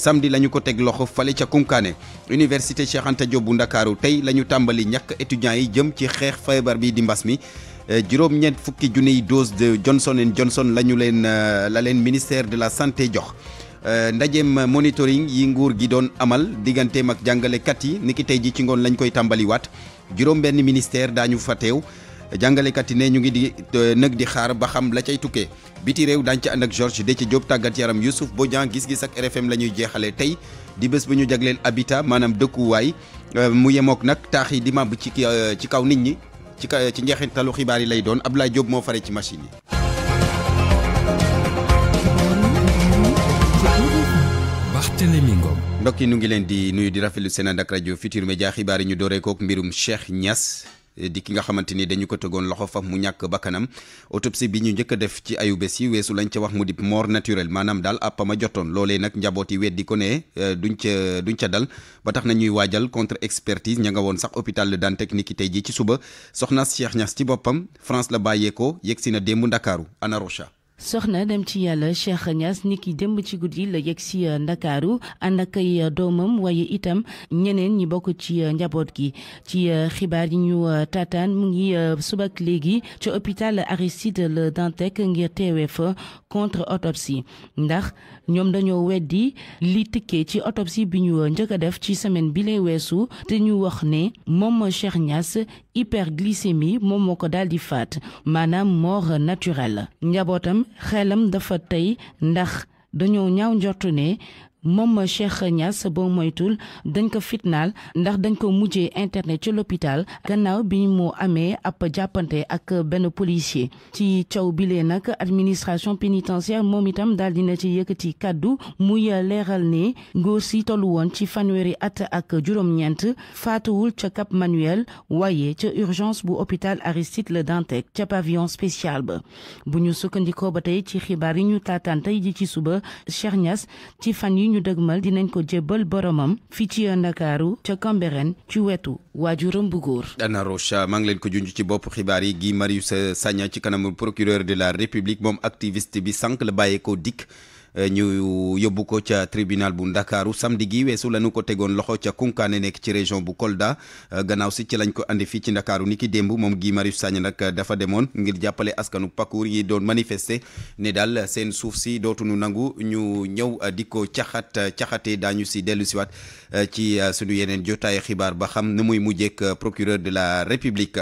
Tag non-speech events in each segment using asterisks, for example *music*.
samedi la ñu ko teg loxo fale ca Koungkané université Cheikh Anta bu Ndakaaru tey la ñu tàmbali ñàkk étudiants yi jëm ci xeex feebar bi di mbas mi eh, juróom ñeent fukki junniy dose de Johnson and Johnson la ñu leen eh, la leen ministère de la santé jox eh, ndajeem monitoring yi nguur gi doon amal digganteem ak jàngalekat yi niki tey ji ci ngoon lañ koy tàmbaliwaat juróom benn ministère daañu fa teew jàngalekat yi ne ñu ngi di nak di xaar ba xam la cay tukkee biti réew daañu ci ànd ak Georges Déthié Diop tàggat yaram Youssouf Bodian gis-gis ak RFM la ñuy jeexalee di bés bu ñu jagleel habitat maanaam dëkkuwaay euh, mu yemok nak taax di màbb ci euh, ci kaw nit ñi ci ci njeexintalu xibaar yi lay doon Abdoulaye Diop moo fare ci machine yi. ngi leen di nuyu di rafetlu seen ànd ak rajo Futur Media xibaar yi ñu mbirum Cheikh Niass. di ki nga xamante ni dañu ko tegoon loxo fa mu ñàkk bakkanam autopsie bi ñu njëkk def ci ayubés yi weesu lañ ca wax mu di moor naturel maanaam daal àppama jotoon loolee nag njaboot yi weddi ko ne euh, duñ ca duñ ca dal ba tax na ñuy waajal contre expertise ña nga woon sax hôpital Le Dantec tey ji ci suba soxna Cheikh Niass ci boppam France la bàyyeekoo yegg si na démb Ndakaaru Ana soxna dem ci yàlla Cheikh Niass ni ki démb ci guddi la yegg si euh, ndakaaru ànd ak ay euh, doomam waaye itam ñeneen ñi bokk ci euh, njaboot gi ci xibaar yi ñu taataan mu ngi subak léegi ci hôpital Aristide la Dantec ngir teewee fa contre autopsie ndax ñoom dañoo weddi li tëkkee ci autopsie bi ñu njëkk a def ci semaine bi lay weesu te ñu wax ne moom Cheikh Niass hyperglycémie moom moo ko daal di faat maanaam mort naturelle njabootam xelam dafa tey ndax dañoo ñaw njortu ne Mom Cheikh Niass bo moytul dañ ko fitnal ndax dañ ko mujjé internet ci l'hôpital gannaaw bi mu amé ap jappanté ak benn policier ci bi lé nak administration pénitentiaire Momitam itam daal dina ci yëkëti kàddu muy léral ne ngóor si tollu ci fanweeri at ak juroom ñent faatuwul ci Cap Manuel wayé ci urgence bu hôpital Aristide Le Dantec ci pavillon spécial ba bu ñu sukkandikoo ba ci xibaar yi ñu taataan tey ji ci suba Cheikh Niass ci fan ñu dëgmal dinañ ko jébbal boromam fii ci Ndakaaru ca Cambérène ci wetu waajuram bu góor. Dana Rocha maa ngi leen ko junj ci boppu xibaar yi Guy Marius Sagna ci kanamu procureur de la République moom activiste bi sànq la bàyyeekoo dikk. Eh, ñu yóbbu ko ca tribunal bu ndakaaru samdi gi weesu lanu ko tegoon loxo ca kunkaane nekk ci région bu Kolda eh, gannaaw si ci lañ ko andi fii ci ndakaaru ni ki démb moom Guy Marius Sagna nag eh, dafa demoon ngir jàppale askanu Pakour yi doon manifester ne daal seen suuf si dootuñu nangu ñu ñëw di ko caxat caxatee daañu si dellu siwaat ci sunu yeneen jotaayu xibaar ba xam nu muy mujjeek procureur de la république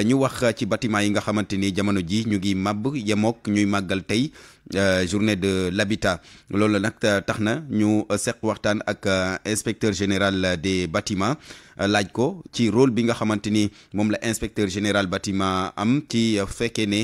ñu wax ci bâtiment yi nga xamante ni jamono ji ñu ngi màbb yemook ñuy màggal tey euh, journée de l'habitat loolu nag tax na ñu seq waxtaan ak euh, inspecteur général des bâtiments euh, laaj ko ci rôle bi nga xamante ni la inspecteur général bâtiment am ci fekkee ne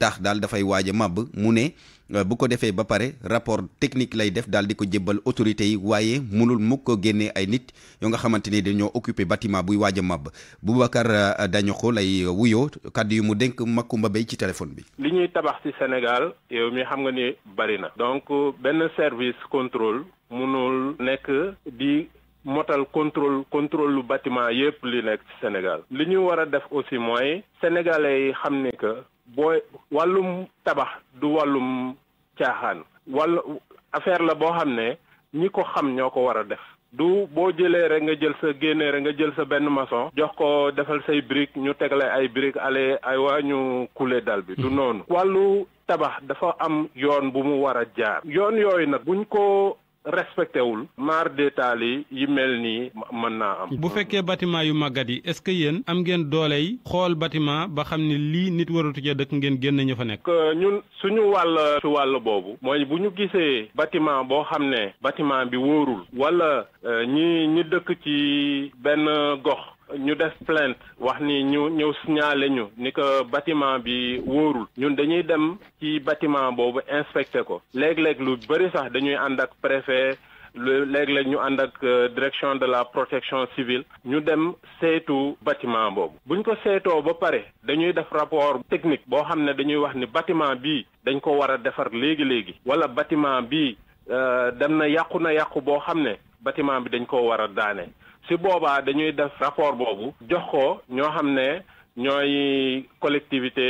taax daal dafay waaj a mune. mu ne Euh, bu ko defee ba pare rapport technique lay def daal di ko jébbal autorités yi waaye munul mukk ko génnee ay nit yoo nga xamante ni dañoo occupé batiment buy waaj a màbb Boubacar euh, Dañoko lay wuyoo kàddu yu mu dénk Makumba Bey ci téléphone bi. li ñuy tabax ci Sénégal yow mi xam nga ni bari na. donc euh, benn service contrôle munul nekk di. motal contrôle contrôle lu bâtiment yépp li nekk ci Sénégal li ñu war a def aussi mooy sénégalais yi xam ne que booy wàllum tabax du wàllum caaxaan wala affaire la boo xam ne ñi ko xam ñoo ko war a def du boo jëlee rek nga jël sa génnee rek nga jël sa benn maçon jox ko defal say brique ñu teg tegale ay brique ale ay waa ñu kule dal bi du mhm. noonu wàllu tabax dafa am yoon bu mu war a jaar yoon yooyu nag buñ ko respecté wul maar détail yi yi mel nii mën naa am. bu fekkee bâtiment yu màggat yi est-ce que yéen am ngeen doole yi xool bâtiment ba xam ni lii nit waratu ca dëkk ngeen génn ñu fa nekk. ñun suñu wàll ci wàll boobu. mooy bu ñu gisee bâtiment boo xam ne bâtiment bi wóorul. wala euh, ñi ñi dëkk ci benn gox. ñu def plainte wax ni ñu ñëw siñaale ñu ni que batiment bi wóorul ñun dañuy dem ci batiment boobu inspecté ko léeg-léeg lu bëri sax dañuy ànd ak préfet lu léeg ñu ànd ak euh, direction de la protection civile ñu dem saytu batiment boobu buñ ko seetoo ba pare dañuy def rapport technique boo xam ne dañuy wax ni batiment bii dañ ko war a defar léegi léegi wala batiment bii euh, dem na yàqu na yàqu boo xam ne batiment bi dañ ko war a daane si boobaa dañuy def rapport boobu jox ko ñoo xam ne ñooy collectivité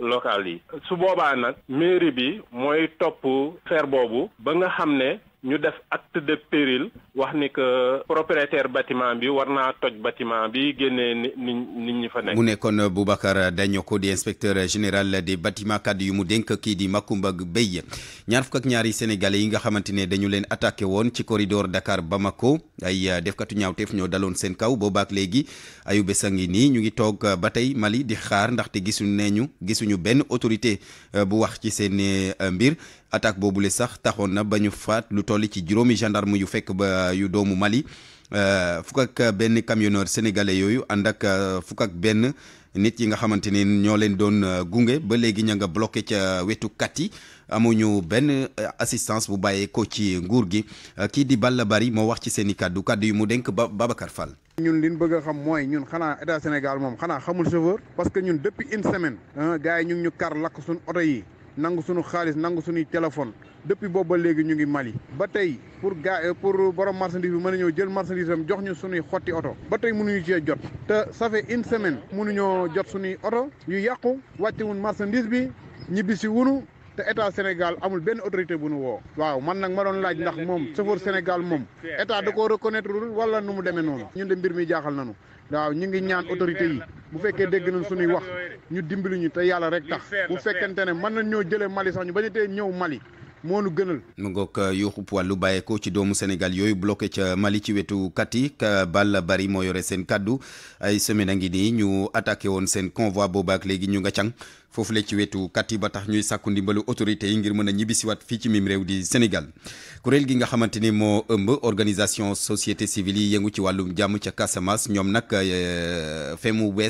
locale yi su boobaa nag mairie bi mooy topp faire boobu ba nga xam ne ñu def ak de péril wax ni que propriétaire bâtiment bi war naa toj bâtiment bi génnee ni nit ñi fa nekk. mu nekkoon Boubacar Dagnoko di inspecteur général des bâtiments kàddu yu mu dénk kii di Macoumba Beye ñaar fukk ñaari sénégalais yi nga xamante ne dañu leen attaqué woon ci corridor Dakar Bamako ay uh, defkatu ñaawteef ñoo daloon seen kaw boobaak léegi ayu bés a ngi nii ñu ngi toog uh, ba tey Mali di xaar ndaxte gisuñu ne ñu gisuñu benn autorité uh, bu wax ci seen mbir. attaque boobu boobule sax taxoon na ba ñu faat lu toll ci juróomi gendarme yu fekk ba yu doomu Mali euh, fukk ak benn camionneur sénégalais yooyu ànd ak euh, fukk ak benn nit yi nga xamante ni ñoo leen doon euh, gunge ba léegi ña nga bloqué ca wetu kat yi amuñu benn assistance bu bàyyee ko ci nguur gi kii di Balla Bari moo wax ci seen i kàddu kàddu yu mu denk ba Babacar Fall. ñun li ñu bëgg a xam mooy ñun xanaa état Sénégal moom xanaa xamul chauffeur parce que ñun depuis une semaine. ñu ngi ñu oto yi. nangu suñu xaalis nangu suñuy téléphone depuis boobu ba léegi ñu ngi Mali ba tey pour ga pour borom marchandise bi mën a ñëw jël marchandise am jox ñu suñuy xotti oto ba tey mënuñu cee jot te ça fait une semaine mënuñoo jot suñuy oto yu yàqu wàcce wuñ marchandise bi ñibbi si wunu te état Sénégal amul benn autorité bu nu woo waaw man nag ma doon laaj ndax moom chauffeur Sénégal moom état da koo reconnaître wala nu mu demee noonu ñun de mbir mi jaaxal nañu waaw ñu ngi ñaan autorité yi bu fekkee dégg nañ suñuy wax ñu dimbali ñu te yàlla rek tax bu fekkente ne mën nañ ñoo jëlee Mali sax ñu bañ a ñëw Mali moo nu gënal. mu ngoog euh, yuuxub wàllu bàyyeekoo ci doomu Sénégal yooyu bloqué ca Mali ci wetu Kati euh, Balla Bari moo yore seen kàddu ay semaine a ngi nii ñu attaqué woon seen convoi boobaak léegi ñu nga cang foofu la ci wetu Kati ba tax ñuy sàkku ndimbalu autorité yi ngir mën a ñibbisiwaat fii ci mim réew di Sénégal. kurel gi nga xamanteni mo organisation société civile yi ci walum jamm ci Casamance ñom nak euh, femu mu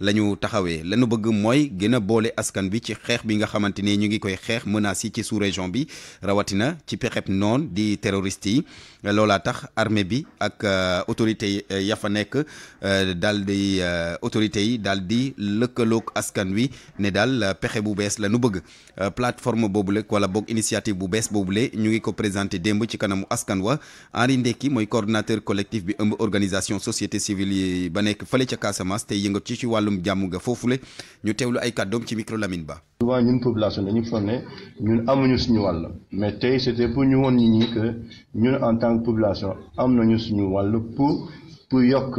lañu taxawé lañu bëgg moy gëna bolé askan bi ci bi nga xamanteni ñu ngi koy menace ci sous région bi rawatina ci pexep non di terroriste lola tax armée bi ak euh, autorité ya fa nek euh, dal autorité yi daal di Nedal, askan wi né dal pexe bu la bëgg plateforme wala initiative bu bobu lé ñu ngi ko te démb ci kanamu askan wa Henri Ndekki mooy coordinateur collectif bi ëmb organisation société civile yi ba nekk fële ca Casamance te yëngatu ci wàllum jàmm nga foofu le ñu teewlu ay kàddoom ci micro Lamine Ba. souvent ñun population dañu foog ne ñun amuñu suñu wàll mais tey c'était pour ñu woon nit ñi que ñun en tant que population am nañu suñu wàll pour pour yokk.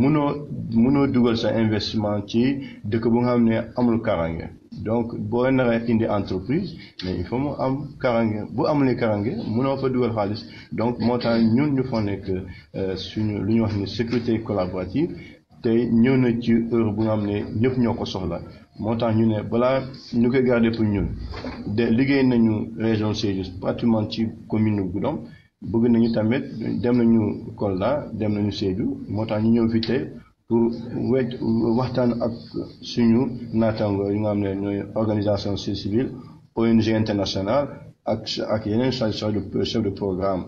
mënoo mënoo dugal sa investissement ci dëkk bu nga xam ne amul karange donc boo naree indi entreprise mais il faut mu am karange bu amulee karange mënoo fa dugal xaalis donc moo tax ñun ñu fa nekk euh, suñu lu ñu wax ne sécurité collaborative tey ñëw na ci heure bu nga xam ne ñëpp ñoo ko soxla moo tax ñu ne balaa ñu koy garder pour ñun de liggéey nañu région Sédhiou pratiquement ci commune Goudomp bëgg nañu tamit dem nañu Kolda dem nañu Sédhiou moo tax ñu ñëw fi tey pour wecc waxtaan ak suñu naataango yi nga xam ne ñooy organisation civile ONG internationale ak ak yeneen chef de chef de programme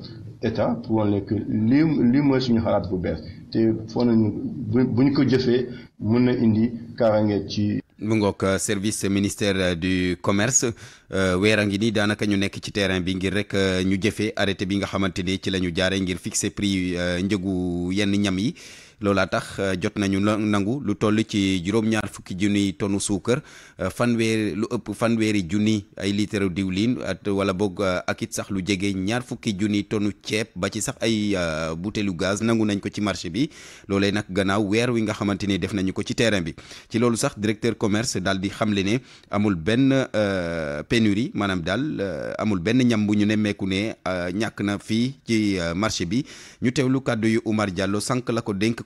état pour wan leen lii lii mooy suñu xalaat bu bees te foo nañu bu buñ ko jëfee mën na indi kaaraange ci. mu ngoog euh, service ministère euh, du commerce euh, weer a ngi nii daanaka ñu nekk ci terrain bi ngir rek ñu jëfee arrêté bi nga xamante ni ci la ñu jaaree ngir fixer prix njëgu yenn ñam yi. loolaa tax euh, jot nañu nangu lu toll ci juróom-ñaar fukki junniy tonu suukar euh, fanweeri lu ëpp fanweeri junni ay litre diwlin at wala boog euh, ak it sax lu jege ñaar fukki junniy tonu ceeb ba ci sax ay butéelu gaz nangu nañ ko ci marché bi loolee nag gannaaw weer wi nga xamante ni def nañu ko ci terrain bi ci loolu sax directeur commerce daal di xamle ne amul benn pénurie maanaam daal amul benn ñam bu ñu nemmeeku ne ñàkk na fii ci marché bi ñu teewlu kàddu yi Oumar sànq la ko dénk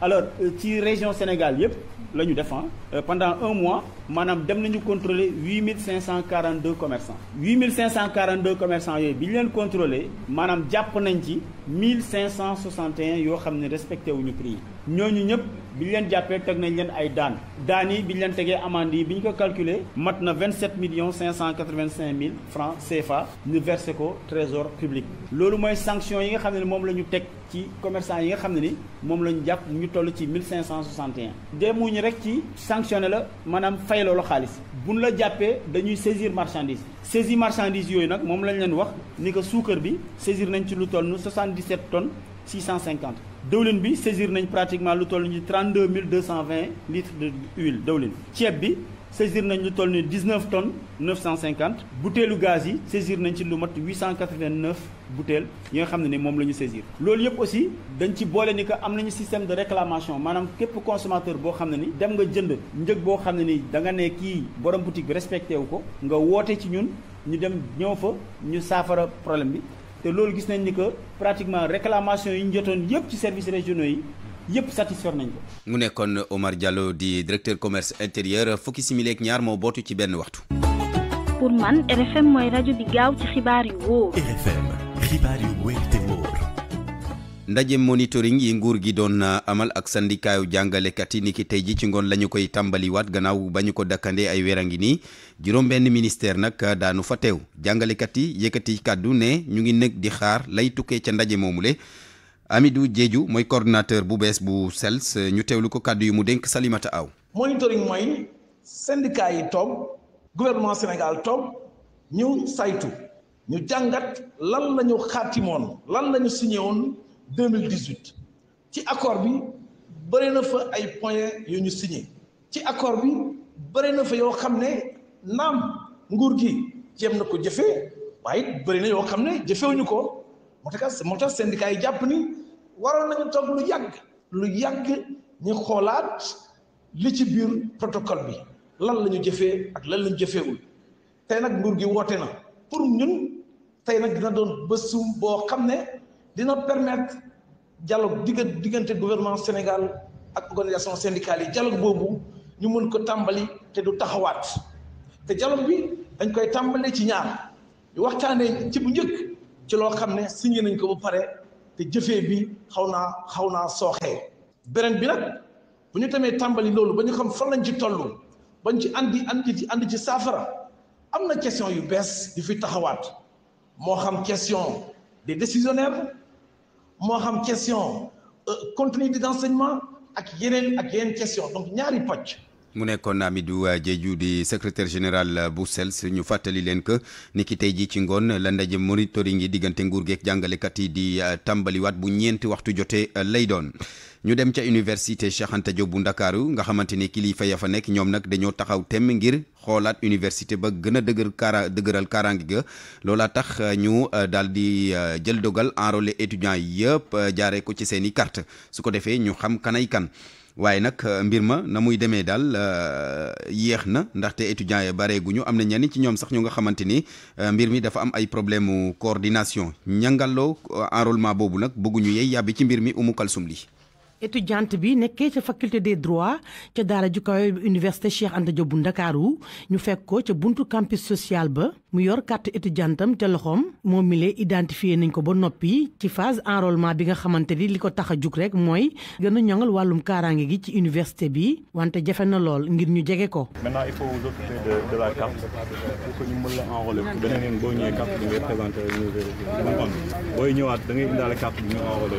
alors euh, ci région Sénégal la hein. euh, pendant un mois manam dem nañu contrôler 8542 commerçants 8542 commerçants yoy contrôlé Madame contrôler 1561 yo respecté prix bi ñu leen jàppee teg nañ leen ay daan daan yi bi leen tegee amande yi ko calculé mat na 27 millions 585 mille francs CFA ñu versé ko trésor public. loolu mooy sanction yi nga xam ne moom la ñu teg ci commerçant yi nga xam ne ni moom ñu jàpp ñu toll ci 1561. demuñ rek ci sanctionné la maanaam fay loolu xaalis buñ la jàppee dañuy saisir marchandise saisie marchandise yooyu nag moom lañ leen wax ni ko suukar bi saisir nañ ci lu toll nu 77 tonnes 650 dawlin bi saisir nañ pratiquement lu toll ni 32 220 litres de huile dawlin ceeb bi saisir nañ lu toll ni 19 tonnes 950 butéelu gaz yi saisir nañ ci lu mat 889 butéel yi nga xam ne ni moom la ñu saisir. loolu yëpp aussi dañ ci boole ni que am nañu système de réclamation maanaam képp consommateur boo xam ne ni dem nga jënd njëg boo xam ne ni da nga ne kii borom boutique bi respecté wu ko nga woote ci ñun ñu dem ñëw fa ñu saafara problème bi. te loolu gis nañ ni que pratiquement réclamation yi ñu jotoon yëpp ci services régionaux yi yëpp satisfaire nañ ko. mu nekkoon Omar Diallo di directeur commerce intérieur fukki simili ñaar moo bootu ci benn waxtu. pour man RFM mooy rajo bi gaaw ci xibaar yu wóor. ndaje monitoring yi nguur gi don amal ak sandikaayu jàngalekat yi ni ki tayji ci ngon lañu koy tambali wat gannaaw bañu ko dakkandee ay wérangi ni ngi benn ministère nak daanu fa teew ne ñu ngi nekk di xaar lay tuké ci ndaje momulé Amidou Diédhiou moy coordinateur bu bes bu SELS ñu tewlu ko kaddu yu mu denk Salimata Aw monitoring moy syndicat yi tok gouvernement Sénégal tok ñu saytu ñu jangat lan lañu xatimone lan lañu signé deux mille dix huit ci accord bi bëri na fa ay points yu ñu ci accord bi bëri na fa yoo xam ne naam nguur gi jéem na ko jëfee waaye it bëri na yoo xam ne jëfewuñu ko moo tax moo tax syndicat yi jàpp ni waroon nañu toog lu yàgg lu yàgg ñu xoolaat li ci biir protocole bi lan la ñu jëfee ak lan la ñu jëfeewul tey nag nguur gi woote na pour ñun tey nag dina doon bësum boo xam ne. dina permettre dialogue digga diggante gouvernement Sénégal ak organisation syndicale dialogue bobu ñu mën ko tambali té du taxawat té dialogue bi dañ koy tambalé ci ñaar ñu waxtané ci bu ñëk ci lo xamné signé nañ ko ba paré té jëfé bi xawna xawna soxé naa bi nak bu ñu tamee tàmbali loolu ba xam fan lañ ci tollu bañ ci andi andi ci andi ci saafara am question yu bees di fi taxawat mo xam question des décisionnaires moi, j'ai une question euh, contenu d'enseignement ak y ak une question donc il une pàcc mu nekkoon Amidou Diédhiou di secretaire général bu SELS ñu fàttali leen que ni ki tey ji ci ngoon la ndaje monitoring yi diggante nguur geek jàngalekat yi di uh, tàmbaliwaat bu ñeenti waxtu jotee uh, lay doon ñu dem ca université Cheikh Anta bu Ndakaaru nga xamante ni kilifa ya fa nekk ñoom nag dañoo taxaw temm ngir xoolaat université ba gën a dëgër kaara dëgëral kaaraange ga loola tax uh, ñu daal di jël dogal enrôler étudiants yëpp jaaree ko ci seen i carte su ko defee ñu xam kanay kan waaye nag euh, mbir ma na muy demee daal euh, yéex na ndaxte étudiants yi bareeguñu am na ñenn ci ñoom sax ñu nga xamante ni euh, mbir mi dafa am ay problème mu coordination ñangaloo enrôlement boobu nag bëgguñu yey yàbbi ci mbir mi umu kalsum li étudiante bi nekkee ca faculté de droits ca daara ju kawe université Cheikh Anta Diop bu Ndakaaru ñu fekk ko ca buntu campus social ba mu yor carte étudiantam ca loxoom moom mi lee identifié nañ ko ba noppi ci fase enrôlement bi nga xamante ni li ko tax a jug rek mooy gën a ñoŋal wàllum kaaraange gi ci université bi wante jafe na lool ngir ñu jege ko. maintenant il faut vous occuper de bi ngay présenté booy ñëwaat da ngay indaale carte bi ñu enrôler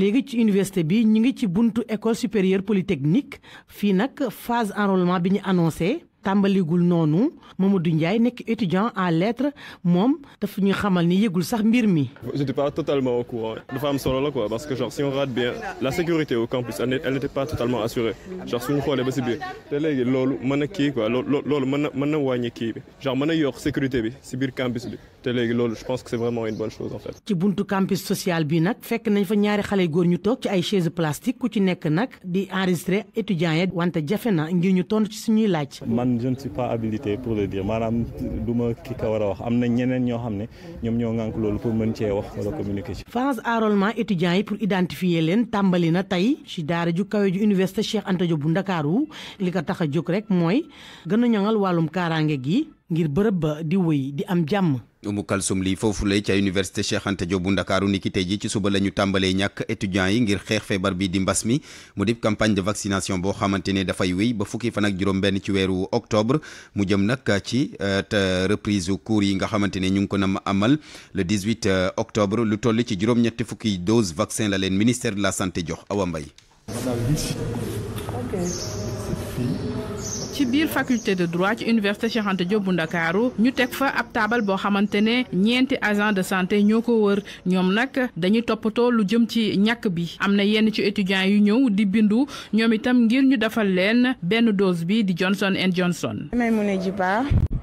léegi ci université bi ñu ngi ci buntu école supérieure polytechnique fii nag phase enrôlement bi ñu annoncé tàmbaligul noonu Mamadou Ndiaye nek étudiant en lettres mom dafa ñu xamal ni yegul sax mbir mi. j'étais pas totalement au courant dafa am solo la quoi parce que genre si on rate bien la sécurité au campus elle n'était pas totalement assurée genre suñu xoolee ba ci bir té légui lolu mën ki quoi lolu mën na mën na wàññi kii bi genre mën a sécurité bi ci bir campus bi té légui lolu je pense que c'est vraiment une bonne chose en fait. ci buntu campus social bi nak fekk nañ fa ñaari xalé góor ñu tok ci ay chaises plastique ku ci nek nak di enregistrer étudiants yi wante jafe ngir ñu tontu ci suñuy laaj. man je ne suis pas habilité a wax am na ñeneen ñoo xam ne ñoom ñoo yi pour identifier leen tàmbali na tey ci daara ju kawe ju université Cheikh Anta bu Ndakaaru li ko tax a jóg rek mooy gën a ñoŋal wàllum kaaraange gi ngir bërëb ba di wéy di am jàmm. Umu Kalsum lii foofu lay ca université Cheikh Anta Diop bu Ndakaaru niki tey ji ci suba la ñu tàmbalee ñàkk étudiants yi ngir xeex feebar bi di mbas mi mu dib campagne de vaccination boo xamante ne dafay wéy ba fukki fanak ak juróom-benn ci weeru octobre mu jëm nag ci euh, te reprise cours yi nga xamante ne ñu ngi ko nam amal le 18 euh, octobre lu toll ci juróom-ñetti fukki dose vaccin la leen ministère de la santé jox Awa mbay ci biir faculté de droit ci université Cheikh Anta Diop bu Dakarou ñu tek fa ab table bo xamantene ñenti agent de santé ñoko wër ñom nak dañuy toppatoo lu jëm ci ñàkk bi amna yenn ci étudiants yu ñëw di bindu ñom itam ngir ñu dafal leen benn dose bi di Johnson and Johnson. Maimouna Djiba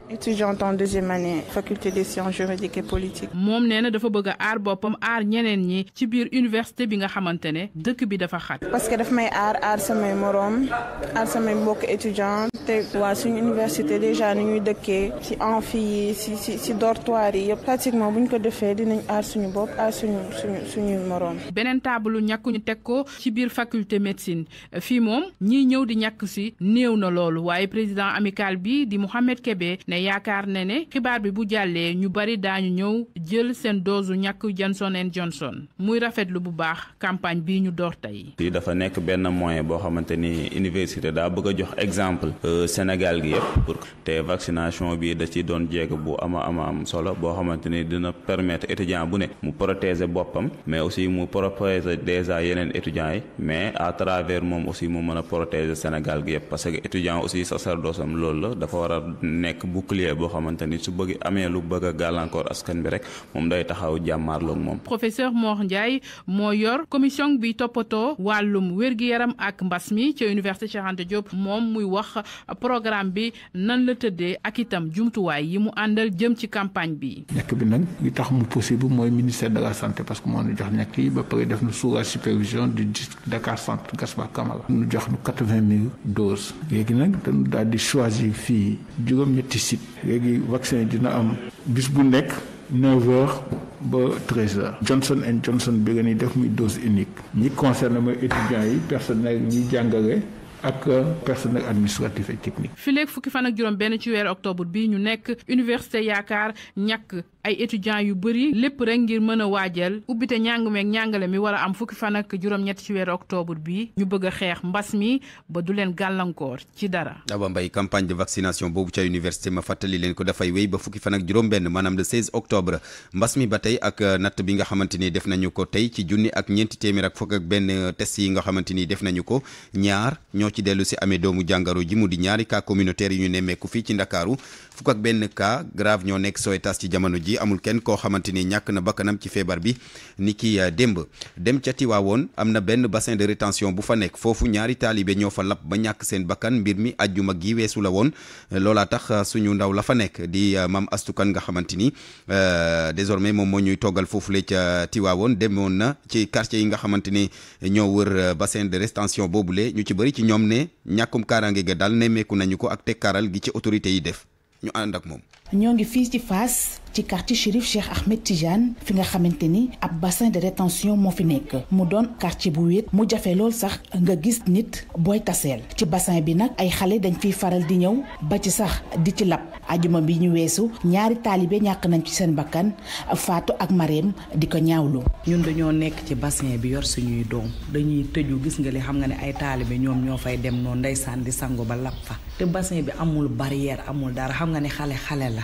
étudiante en deuxième année faculté des sciences juridiques et politiques. mom néna dafa bëgg a bopam boppam ñeneen ñi ci biir université bi nga xamantene ne dëkk bi dafa xat. parce que daf may ar ar sama morom ar sama mbokk étudiants teg waa suñu université déjà ñu ñuy dëkkee ci amphi ci ci ci dortoir yi pratiquement buñ ko défé dinañ ar suñu bop ar suñu suñu suñu morom benen taabalu ñakku ñu teg ko ci biir faculté médecine fi mom ñi ñëw di ñàkk ci néw na lool waaye président amical bi di mohamed Kébé né yaakar né né xibaar bi bu jallé ñu bari dañu ñëw jël sen dose ñàkk Johnson and Johnson muy rafetlu bu baax campagne bi ñu door tey. dafa nekk benn moyen bo xamanteni université da bëgg jox exemple. Euh, Sénégal gi yëpp te vaccination bi da ci doon jéeg bu ama ama am solo boo xamante ni dina permettre étudiant bu ne mu protéger boppam mais aussi mu protéger déjà yeneen étudiants yi mais à moom aussi mu mën a protéger Sénégal gi yëpp parce que étudiant aussi sacerdoce am loolu la dafa war a nekk bouclier boo xamante su bëgg amee lu bëgg a askan bi rek moom day taxaw jàmmaarloog moom. professeur Mor Ndiaye moo yor commission bi toppatoo programme bi nan la tëddee ak itam jumtuwaay yi mu àndal jëm ci campagne bi. ñàkk bi nag li tax mu possible mooy ministère de la santé parce que moo ñu jox ñàkk yi ba pare def na sous la supervision du district Dakar centre Gaspard Camara. ñu jox ñu quatre vingt léegi nag dañu daal di choisir fii juróom-ñetti site. léegi vaccin dina am bis bu nekk. neuf heures ba treize heures Johnson and Johnson bi nga ni def muy dose unique ñi concerné mooy étudiants yi personnel ñi jàngale ak euh, personnel fukki fan ak juróom benn ci weeru octobre bi ñu nekk université yaakaar ñàkk ay étudiants yu bëri lépp rek ngir mën a waajal ubbite ñàng meeg ñàngale mi war a am fukki fan ak juróom-ñett ci weeru octobre bi ñu bëgg xeex mbas mi ba du leen gàllankoor ci dara. Awa Mbaye campagne de vaccination boobu ca université ma fàttali leen ko dafay wéy ba fukki fan ak juróom-benn manaam le 16 octobre mbas mi ba tey ak euh, natt bi nga xamante ni def nañu ko tey ci junni ak ñeenti téeméer ak ak benn euh, test yi nga xamante ni def nañu ko ñoo ci dellu si amee doomu jàngaro ji mu di ñaari cas communautaire yi ñu nemmeeku fii ci ndakaaru fukk ak benn cas grave ñoo nekk Sowetas ci jamono ji amul kenn koo xamante ni ñàkk na bakkanam ci feebar bi ni ki euh, démb dem ca Tiwaawoon am na benn bassin de rétention bu fa nekk foofu ñaari taalibe ñoo fa lap ba ñàkk seen bakkan mbir mi ajjuma gi weesu la woon euh, loolaa tax euh, suñu ndaw la fa nekk di maam astukan nga xamante ni désormais moom moo ñuy toggal foofule ca Tiwaawoon demoon na ci quartier yi nga xamante ni ñoo wër bassin de ñoom ne ñàkkum kaaraange ga daal nemmeeku nañu ko ak gi ci autorité yi def ñu ànd ak moom. ñoo ngi fii ci ci quartier Chérif Cheikh Ahmed Tidiane fi nga xamante ni ab bassin de rétention moo fi nekk mu doon quartier bu wéet mu jafe lool sax nga gis nit booy taseel ci bassin bi nag ay xale dañ fiy faral di ñëw ba ci sax di ci lab ajuma bi ñu weesu ñaari taalibe ñàkk nañ ci seen bakkan Fatou ak Marème di ko ñaawlu. ñun dañoo nekk ci bassin bi yor suñuy doom dañuy tëju gis nga li xam nga ne ay taalibe ñoom ñoo fay dem noonu ndeysaan di sangu ba lab fa te bi amul barrière amul dara xam nga ne xale la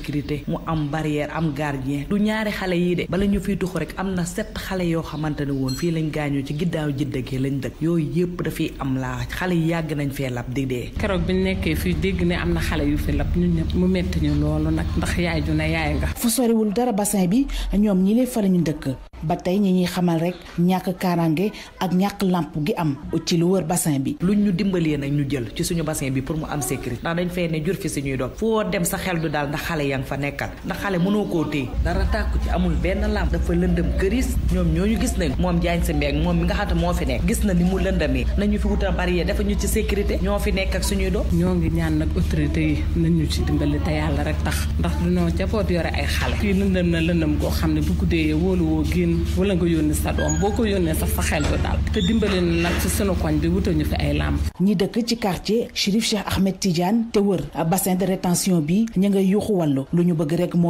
sécurité mu am barrière am gardien du ñaari xale yi de bala ñu fi tux rek am na set xale yoo xamante ne woon fii lañ gaañoo ci giddaaw jiddëgee lañ dëkk yooyu yëpp dafay am laa xale yi yàgg nañ fee lab di dee keroog bi nekkee fii dégg ne am na xale yu fi lab ñun ñëpp mu metti ñu loolu nag ndax yaay ju ne yaay nga fu soriwul dara bassin bi ñoom ñi lay fa lañu dëkk ba tey ñi ñuy xamal rek ñàkk karange ak ñàkk lamp gi am ci lu wër bassin bi lu ñu dimbalee nag ñu jël ci suñu bassin bi pour mu am sécurité ndax dañ fay ne jur fi suñuy doom foo dem sa xel du daal ndax xale yaa fa nekkal ndax xale mënoo koo téye dara tàkku ci amul benn lamp dafa lëndëm këris ñoom ñu gis nañ moom jaañ si mbeeg moom mi nga xam moo fi nekk gis na ni mu lëndamee nañu fi wutal barrière dafa ñu ci sécurité ñoo fi nekk ak suñuy doom ñoo ngi ñaan nag autorité yi nañu ci dimbali te yàlla rek tax ndax dañoo jaboot yore ay xale kii lëndëm na lëndëm goo xam ne bu guddee wóolu woo génn jën wala nga yónnee sa doom boo ko yónnee sax sa xel du daal te dimbali nag ci sunu bi wutal fi ay làmp. ñi dëkk ci quartier Chérif Cheikh Ahmed Tidiane te wër bassin de rétention bi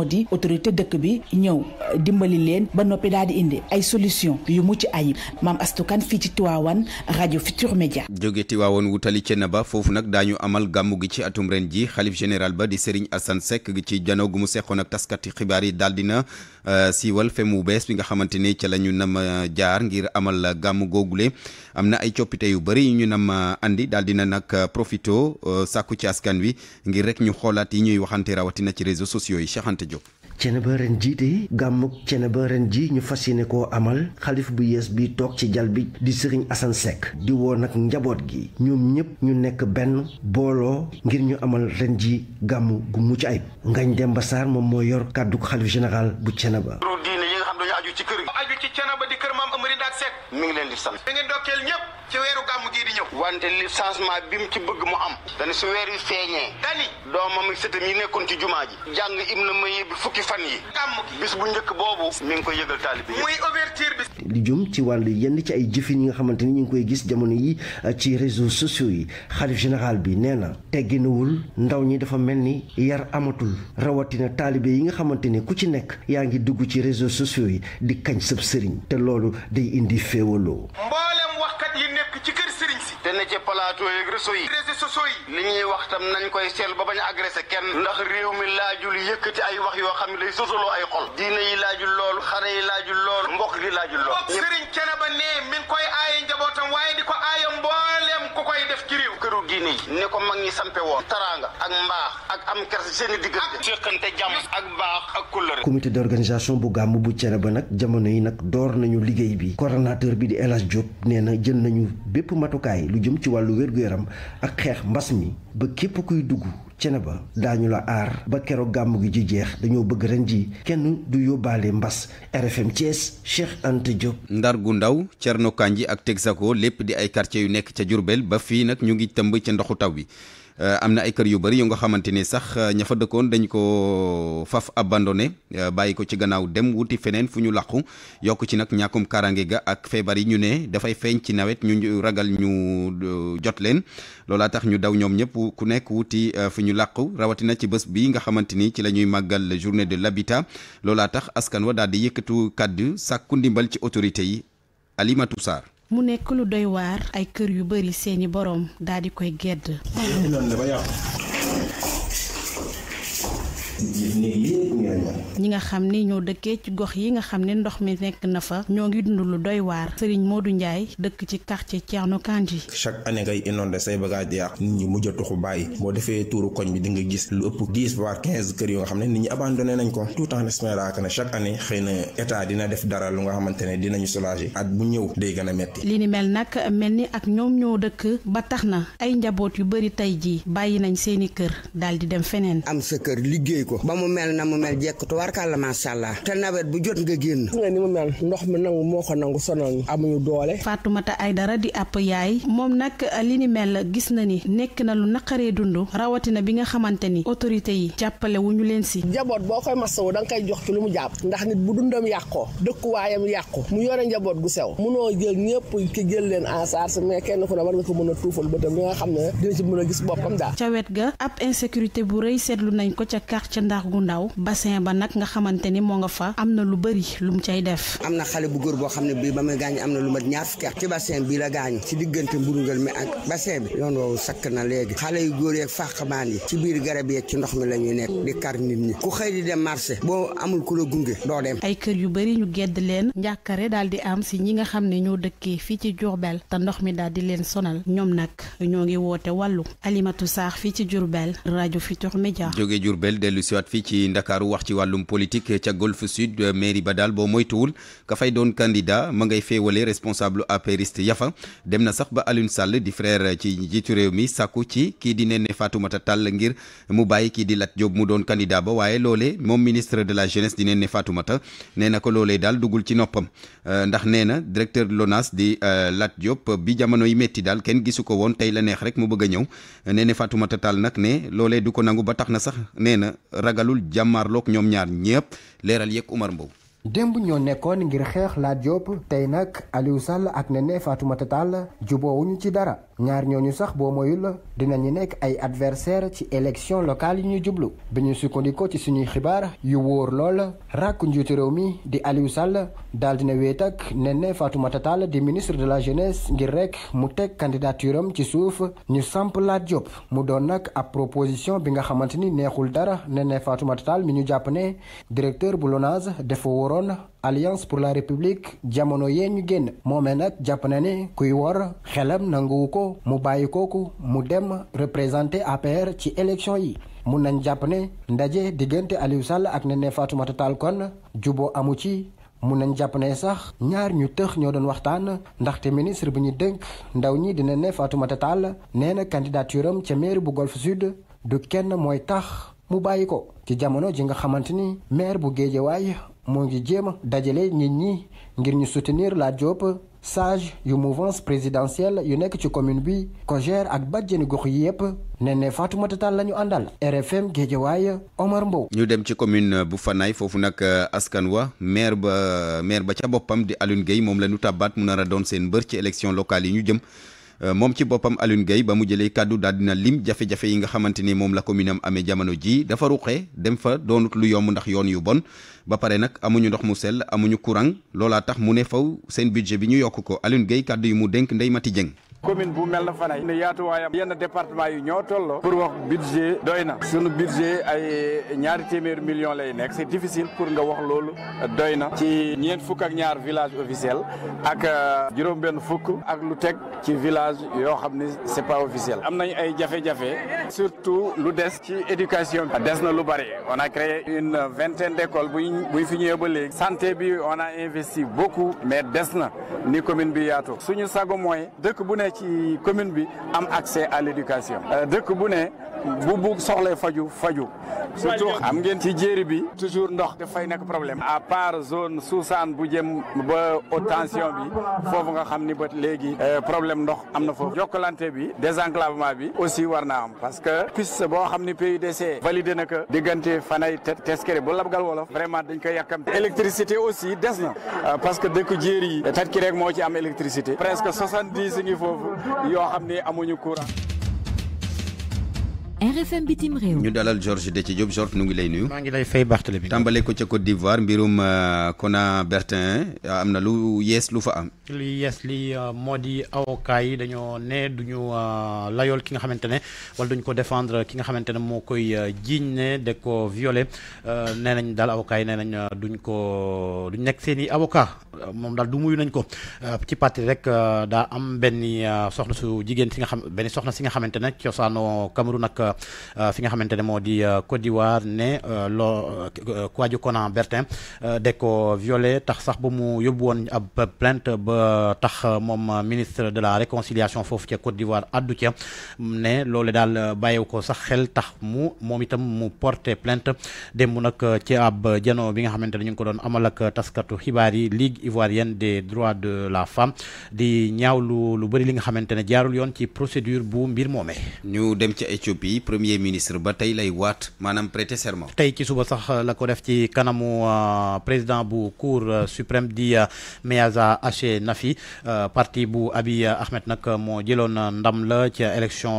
di autorité ñëw dimbali leen ba noppi daal di indi ay solution yu mucc ayib maam astukan fii ci Tiwaawan rajo Futur Média. jóge Tiwaawan wutali cee na ba foofu nag daañu amal gàmmu gi ci atum ren ji xalif général ba di Serigne Assane Seck ci janoo gu mu seqoon ak taskati xibaar yi xamante ne ca la ñu nam euh, jaar ngir amal gàmm googule am na ay coppite yu bëri ñu nam euh, andi daal dina nag euh, profito sàkku ci askan wi ngir rek ñu xoolaat yi ñuy waxante rawatina ci réseaux sociaux yi Cheikh Anta Diop Ceneba ren jii de gàmmuk Ceneba ren ji ñu fas yéene koo amal xalif bu yees bi toog ci jal bi di sëriñ Assane Seck di woo nag njaboot gi ñoom ñëpp ñu nekk benn booloo ngir ñu amal ren ji gàmm gu mucc ay Ngagne Demba Sarr moom moo yor kàddu xalif général bu Ceneba xam dañu aju ci kër aju ci cena ba di kër maam amri ndaak seet mi ngi len di sant da ngeen dokkeel ñëpp ci weeru gàmm gii di ñëw wante li changement bi mu ci bëgg mu am dani su weer yu feeñee dani doomam ak sëtam yi nekkoon ci jumaa ji jàng im na mayee bi fukki fan yi gàmm gi bis bu njëkk boobu mi ngi koy yëgal taalib yi ci wàllu yenn ci ay jëfin yi nga xamante ni ñu ngi koy gis jamono yi uh, ci réseaux sociaux yi xalif général bi nee na tegginawul ndaw ñi dafa mel ni yar amatul rawatina taalibe yi nga xamante ne ku ci nekk yaa ngi dugg ci réseau sociaux yi di kañ sëb sëriñ te loolu day indi féewaloo mboolem nekk ci kër sëriñ si te ne ci plateau yeeg réseau yi réseaux sociaux yi li ñuy wax tam nañ koy seetlu ba bañ a agressé kenn ndax réew mi laajul yëkkati ay wax yoo xam ne day sosoloo ay xol diine yi laajul loolu xare yi laajul loolu mbokk gi laajul loolu sëriñ kene ba ne mi ngi koy aaye njabootam waaye di ko aaye mbooleem ku koy def ci réew këru diine yi ne ko mag ñi sampe woon taraanga ak mbaax ak am kersa seen i diggante séqante jàmm ak baax ak kulëre comité bu gàmm bu cene ba nag jamono yi nag door nañu liggéey bi coordonnateur bi di El Hadj nee na jël nañu bépp matukaay lu jëm ci wàllu wér-gu-yaram ak xeex mbas mi ba képp kuy dugg cene ba daañu la aar ba keroog gàmmu gi ji jeex dañoo bëgg ren ji kenn du yóbbaale mbas RFM Thiès Cheikh Anta Diop. Ndar gu ndaw Thierno Kandji ak Texaco lépp di ay quartier yu nekk ca jurbel ba fii nag ñu ngi tëmb ca ndoxu taw bi Euh, am na ay kër yu bëri yu nga xamante ni sax euh, ña fa dëkkoon dañ ko faf abandonné euh, bàyyi ko ci gannaaw dem wuti feneen fu ñu làqu yokk ci nag ñàkkum karange ga ak feebar yi ñu ne dafay feeñ ci nawet ñu ragal ñu jot leen loolaa tax ñu daw ñoom ñëpp ku nekk wuti fu ñu làqu rawatina ci bés bi nga xamante ni ci la ñuy màggal journée de l'habitat loolaa tax askan wa daal di yëkkatu kàddu sàkku ndimbal ci autorité yi Alimatu Sarr mu nekk lu doy waar ay kër yu bari seeni boroom daal di koy gedd. ñi nga xam ne ñoo dëkkee ci gox yi nga xam ne ndox mi nekk na fa ñoo ngi dund lu doy waar Serigne Modou Ndiaye dëkk ci quartier Thierno Kandji chaque année ngay inondé say bagage di yàq nit ñi mujj bàyyi boo defee tuuru koñ bi di nga gis lu ëpp dix voire kër yoo xam ne nit ñi abandonné nañ ko tout en espérant que ne chaque année xëy na état dina def dara lu nga xamante ne dinañu soulager at bu ñëw day gën a metti li ni mel nag mel ni ak ñoom ñoo dëkk ba tax na ay njaboot yu bëri tey jii bàyyi nañ seeni kër daal di dem feneen am sa kër liggéey ko ba mu mel na mu mel jekk tubaarkàlla macha allah te nawet bu jot nga génn nga ni mu mel ndox mi nangu moo ko nangu sonal ñu amuñu doole Fatoumata Aydara di ab yaay moom nag li ni mel gis na ni nekk na lu naqaree dund rawatina bi nga xamante ni autorité yi jàppale wu ñu leen si njaboot boo koy masawu da nga koy jox ci lu mu jàpp ndax nit bu dundam yàqoo dëkkuwaayam yàqu mu yore njaboot gu sew munoo jël ñëpp ki jël leen en charge mais kenn ku ne war nga ko mën a tuufal bëtam li ne dina a ca ndax gu ndaw bassin ba nag nga xamante ni nga fa amna na lu bëri lu cay def amna na xale bu góor boo xam ne bii ba muy gaañ am na lu mat ñaar fukki at ci bassin bi la gaañ ci mi ak bassin bi yoon na léegi xale yu góor yeeg fàqmaan ci biir garab yeeg ci ndox mi la nekk di kar nit ñi ku di dem marché amul ku la gunge doo dem ay kër yu bëri ñu gedd leen am si ñi nga xam ne ñoo dëkkee fii ci Diourbel te ndox mi daal di leen sonal ñoom nag ñoo ngi woote wàllu alimatu saax fii ci Diourbel rajo Futurs Médias jóge siwaat fii ci ndakaaru wax ci wàllum politique ca golfe sud mairie ba daal boo moytuwul ka fay doon candidat ma ngay féewale responsable apériste yafa dem na sax ba Alioune Sall di frère ci jiitu réew mi sàkku ci kii di Néné faatumata tàll ngir mu bàyyi kii di Lat Diop mu doon candidat ba waaye loole moom ministre de la jeunesse di Néné Fatoumata nee na ko loolee daal duggul ci noppam euh, ndax nee na directeur LONASE di euh, Lat Diop bi jamono yi métti daal kenn gisu ko woon tey la neex rek mu bëgg a ñëw Néné nag ne loolee ba tax na sax nee na ragalul jàmmaarloog ñoom ñaar ñépp leeral yeeg Umar Mbow. démb ñoo nekkoon ngir xeex Lat Diop tey nag Aliou Sall ak Néné Fatoumata Tall jubóowuñu ci dara. ñaar ñooñu sax boo moyul dinañu nekk ay adversaire ci élection locale yi ñu jublu bi ñu sukkandikoo ci suñuy xibaar yu wóor lool ràkk njiitu réew di Aliou Sall daal dina wéet Néné di ministre de la jeunesse ngir rek mu teg candidature am ci suuf ñu samp Diop mu doon nag ab proposition bi nga xamante ni neexul dara Néné Fatoumata Tall mi ñu jàpp ne directeur bu lonage dafa Alliance pour la République jamono yee ñu génn moomee nag jàpp na kuy wor xelam nanguwu ko ko mu bàyyi kooku mu dem représenté APR ci élection yi mun nañ jàpp ne ndaje diggante Aliou Sall ak Néné Fatoumata kon Kone juboo amu ci mun nañ jàpp ne sax ñaar ñu tëx ñoo doon waxtaan ndaxte ministre bu ñu dënk ndaw ñi di Néné Fatoumata Tall nee na candidature am ca maire bu Golf Sud du kenn mooy tax mu bàyyi ko ci jamono ji nga xamante ni maire bu géeje waaye moo ngi jéem a dajale nit ñi ngir ñu soutenir Lat sage yu mouvance présidentielle yu nekk ci commune bi gère ak bàjjenu gox ne ne Fatoumata lañu RFM Guédiawaye Omar Mbow ñu dem ci commune bu fanay foofu nag euh, askan maire ba euh, maire ba ca boppam di Alun Gueye moom la élection locale Euh, moom ci boppam Alioune Gueye ba mu jëlee kàddu daal dina lim jafe-jafe yi nga xamante ni moom la commune am amee jamono jii dafa ruqee dem fa doonut lu yomb ndax yoon yu bon ba pare nag amuñu ndox mu sell amuñu courant loolaa tax mu ne faw seen budget bi ñu yokk ko Alioune Gueye kàddu yu mu dénk Ndeye Mati Dieng commune bu mel na Fanaye ne wayam yenn département yu ñoo tolloo pour wax budget doyna suñu budget ay ñaari témer millions lay nekk c'est difficile pour nga wax loolu doyna ci ñeen fuk ak ñaar village officiel ak euh, juróom-benn fukk ak lu teg ci village yoo xam ni c'est pas officiel am nañ ay jafe-jafe surtout lu des ci éducation bi des na lu bari on a créé une vingtaine d'écoles buñ buñ fi ñëwee ba léegi santé bi on a investi beaucoup mais des na ni commune bi yaatu suñu sago mooy dëkk bu ne qui commune bi am accès à l'éducation euh, bu bugg soxlee faju faju surtout xam ngeen ci jéeri bi toujours ndox dafay nek problème à part zone Sousane bu jëm ba haute tension bi fofu nga xamni ni ba léegi euh, problème ndox amna fofu foofu bi désenclavement bi aussi warna am parce que piste bo xamni ni PUDC validé na ko diggante fanay teskéré bu labgal wolof vraiment dañ koy yakam électricité aussi des na euh, parce que deku jéeri yi tat rek moo ci am électricité presque 70 dix ngi foofu yoo xam amuñu courant RFM bitim réew. ñu dalal Georges de Diop Georges ñu ngi lay nuyu. maa ngi lay fay Barthélémy. tambalé ko ci Côte d'Ivoire mbirum euh, Konabertin Bertin amna lu yes lu fa am li yees li euh, moo di avocat yi ne duñu euh, layol ki nga xamantene wala duñ ko défendre ki nga xamantene mo koy euh, jiiñ ne ko violé né nañ dal avocat né nañ duñ ko duñ nek seen avocat mom dal du muyu nañ ko ci parti rek da am benn soxna su jigen si nga xam benn soxna si nga xamantene ne Cameroun ak fi nga xamantene modi Côte d'Ivoire ne lo Kouadio Konan Bertin de ko violé tax sax bu mu yóbbu won ab plainte ba euh, tax euh, mom euh, ministre de la réconciliation fofu ci Côte d'Ivoire addu ci né l'olé dal bàyyiw ko sax xel tax mu mu porter plainte dem nak ci ab jano bi nga xamante ñu ko don amal ak taskatu xibaar Ligue ivoirienne des droits de la femme di ñaawlu lu bari li nga xamante jaarul yon ci procédure bu mbir momé ñu dem ci Éthiopie premier ministre ba tey lay wat manam prêter serment. tay ci suba sax la ko def ci kanamu président bu cour suprême di Meaza Aché na fi euh, parti bu Abiy Ahmed nag moo jëloon ndam la ca élection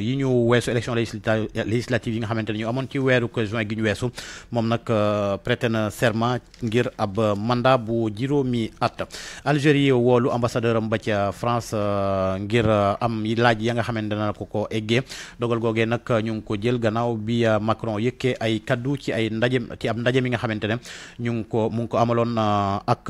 yi ñu weesu élection législative yi nga xamante ne ñu amoon ci weeru juin gi ñu weesu moom nag euh, prêté na serment ngir ab mandat bu juróomi at Algérie woolu ambassadeur am ba ca France euh, ngir am laaj ya nga xamante ne ko ko eggee dogal googee nag ñu ngi ko jël gannaaw bi Macron yëkkee ay kaddu ci ay ndaje ci ab ndaje mi nga xamante ne ñu ngi ko mu ngi ko amaloon ak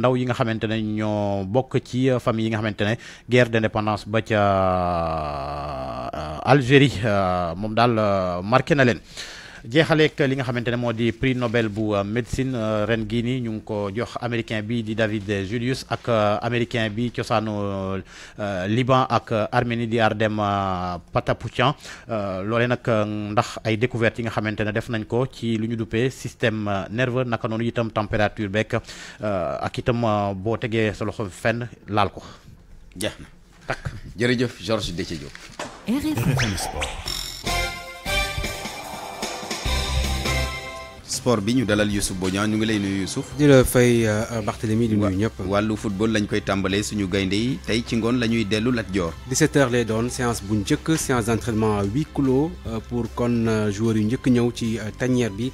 ndaw yi nga xamante ne ñoo bokk ci famille yi nga xamante guerre d'indépendance ba l'Algérie, euh, Algérie euh, moom daal euh, marqué na jeexaleek li nga xamantene ne prix Nobel bu euh, médecine euh, ren gii nii ñu ko jox américain bi di David Julius ak euh, américain bi cosaanu Liban ak Arménie di Ardem Patapoutian lolé nak ndax ay découverte yi nga xamantene def nañ ko ci luñu duppé système nerveux naka nonu itam température bek ak itam bo tégué sa loxo fenn laal ko jeex tak takk jërëjëf Georges Déthié Diop sport bi ñu dalal Youssouf Bodian ñu ngi lay nuyu Youssouf. di la fay euh, Barthélémy di nuyu ñëpp. walu football lañ koy tambalé suñu gaynde yi tey ci ngone lañuy déllu Lat jor 17h lay doon séance bu njëkk séance d' entraînement huis clos euh, pour kon euh, joueur yu njëkk ñëw ci tanière bi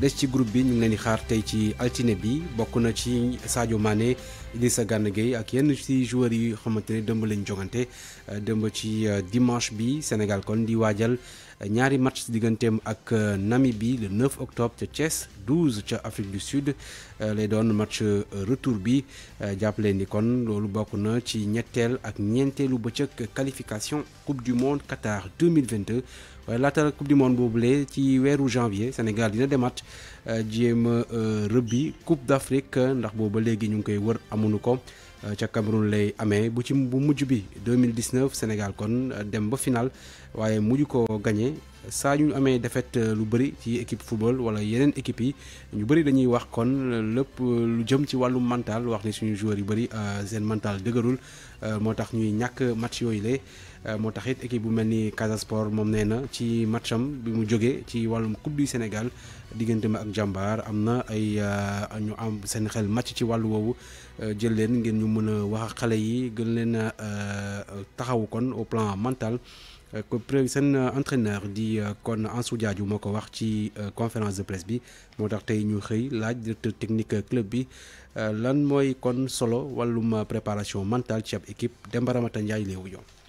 des ci groupe bi ñu ngi leen xaar tay ci altiné bi bokku na ci Sadio Mané Idrissa Gana Gueye ak yenn ci joueur yu xamante ne lañ jogante dëmb ci dimanche bi Sénégal kon di waajal ñaari match si digganteem ak euh, Namibie le 9 octobre ca Thiès 12 ca Afrique du Sud euh, lay doon match euh, retour bi jàppale ni kon loolu bokk na ci ñetteel ak ñeenteelu bëccëg qualification Coupe du Monde Qatar 2022 waaye Coupe du Monde Boublé ci weeru janvier Sénégal dina demaat jéem a rëbbi Coupe d'Afrique ndax booba léegi ñu ngi koy wër amunu ko. Euh, ca Cameroun lay amee bu ci bu mujj bi 2019 Sénégal kon euh, dem ba final waaye mujj ko gagné saa ñu amee défaite euh, lu bari ci équipe football wala yeneen équipe, yi ñu bari dañuy wax kon lépp lu jëm ci wàllu mental wax ni suñu joueurs yu bari seen mental dëgërul moo tax ñuy ñàkk match yooyu le moo tax it équipe bu mel ni Casa Sport moom nee na ci matcham bi mu jógee ci wàllum coupe du Sénégal diggante ma ak jàmbaar am na ay ñu am seen xel match ci wàllu woowu. Euh, jël leen ngeen ñu a wax euh, au plan mental euh, entraîneur di conférence de presse bi moo tax directeur technique club bi lan solo préparation mentale équipe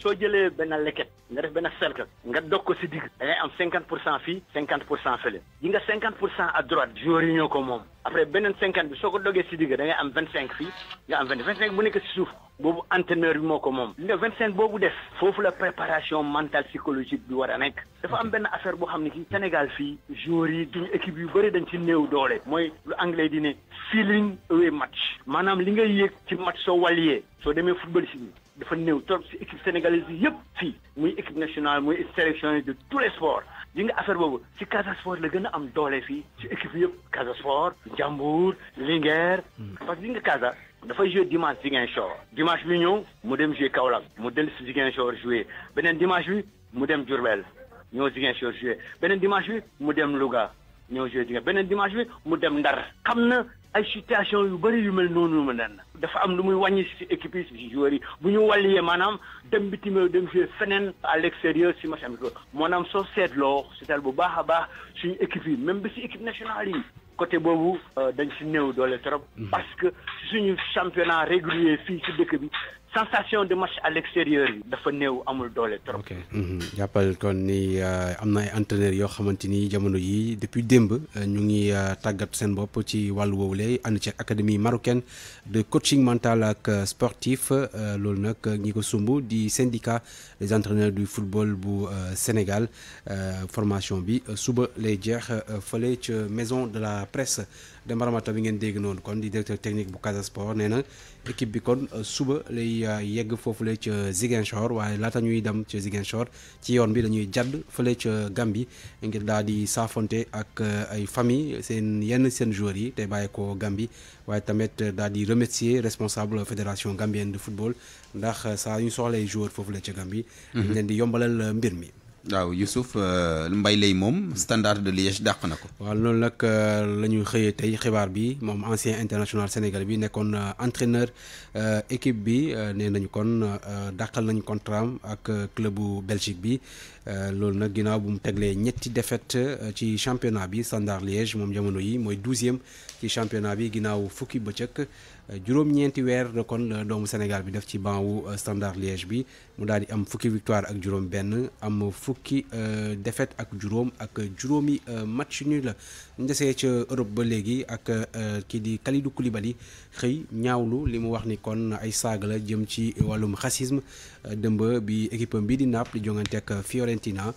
soo jëlee benn leket nga def benn cercle nga dog ko si digg dangay am 50 pour 50 pour cent fële yi nga 50 à droite joori ñoo ko moom après beneen 50 bi soo ko dogee si digg dangay am 25 fii nga am 20 25 bu nekk si suuf boobu entraîneur bi moo ko moom 25 boobu def foofu la préparation mentale psychologique bi war a nekk. dafa am benn affaire boo xam ne fii Sénégal fii joueurs yi duñu équipe yu bëri dañ ci néew doole mooy lu anglais di ne feeling away match maanaam li nga yëg ci match soo waliyee soo demee footballiste bi dafa néew trop si équipe sénégalaise yi yëpp fii muy équipe nationale muy sélection de tous les sports di nga affaire boobu si Casa Sport la gën a am doole fii si équipe yëpp Casa Sport jambour, linguer hmm. parce que di nga Casa dafay jouer dimanche Ziguinchor dimanche bi ñëw mu dem jouer Kaolack mu dellu si Ziguinchor jouer beneen dimanche bi mu dem Diourbel ñëw Ziguinchor jouer beneen dimanche bi mu dem Louga ñëw jouer Ziguinchor beneen dimanche bi mu dem Ndar xam na ay situation yu bari yu mel noonu ma daan dafa am lu muy wàññi si équipe yi si joueurs yi bu ñu wàllyee maanaam dem bitim dem jouer feneen à l'extérieur si match amicaux maanaam soo seetloo seetal bu baax a baax suñu équipe yi même ba si équipe nationale yi côté boobu euh, dañ si néew doole trop mhm. parce que suñu championnat régulier fii si dëkk bi sensation de match à l'extérieur yi dafa néew amul doole trop. ok mhm. jàppal kon ni euh, am na ay entraîneurs yoo xamante ni jamono yi depuis démb euh, ñu ngi euh, tàggat seen bopp ci wàllu woowu ànd ci académie marocaine de coaching mental ak sportif loolu nag ñi ko sumb di syndicat des entraîneurs du football bu Sénégal formation bi suba lay jeex fële ci maison de la presse. Demba Ramata bi ngeen dégg noonu kon di directeur technique bu Casa Sport nee na équipe bi kon euh, suba lay euh, yegg foofule ca Ziguinchor waaye laata ñuy dem ca Ziguinchor ci yoon bi dañuy jadd fële ca Gambie ngir daal di saafonte ak euh, ay famille seen yenn seen joueurs yi te bàyyi Gambie waaye tamit daal di remercier responsable fédération gambienne de football ndax saa ñu soxlay joueur foofu la ca Gambie. Mhm. dañ leen di yombalal mbir mi. waaw Youssouf euh, mbay lay moom standard de Liège dàq na ko. waaw loolu nag euh, la ñuy xëyee tey xibaar bi moom ancien international sénégal bi nekkoon euh, entraîneur équipe bi nee nañu kon dàqal nañu contrat am ak club bu Belgique bi. Euh, loolu nag ginnaaw bu mu teglee ñetti défaite euh, ci championnat bi Standard Liège moom jamono yi mooy 12e ci championnat bi ginnaaw fukki bëccëg euh, juróom-ñeenti weer la kon doomu Sénégal bi def ci ban wu Standard Liège bi mu daal di am fukki victoire ak juróom benn am fukki défaite ak juróom ak juróomi match nul la ñu desee ca Europe ba léegi ak kii di Kalidou Koulibaly xëy ñaawlu li mu wax ni kon ay saaga la jëm ci wàllum racisme dëmb bi équipe bi di Naples di jongante ak Fiore Valentina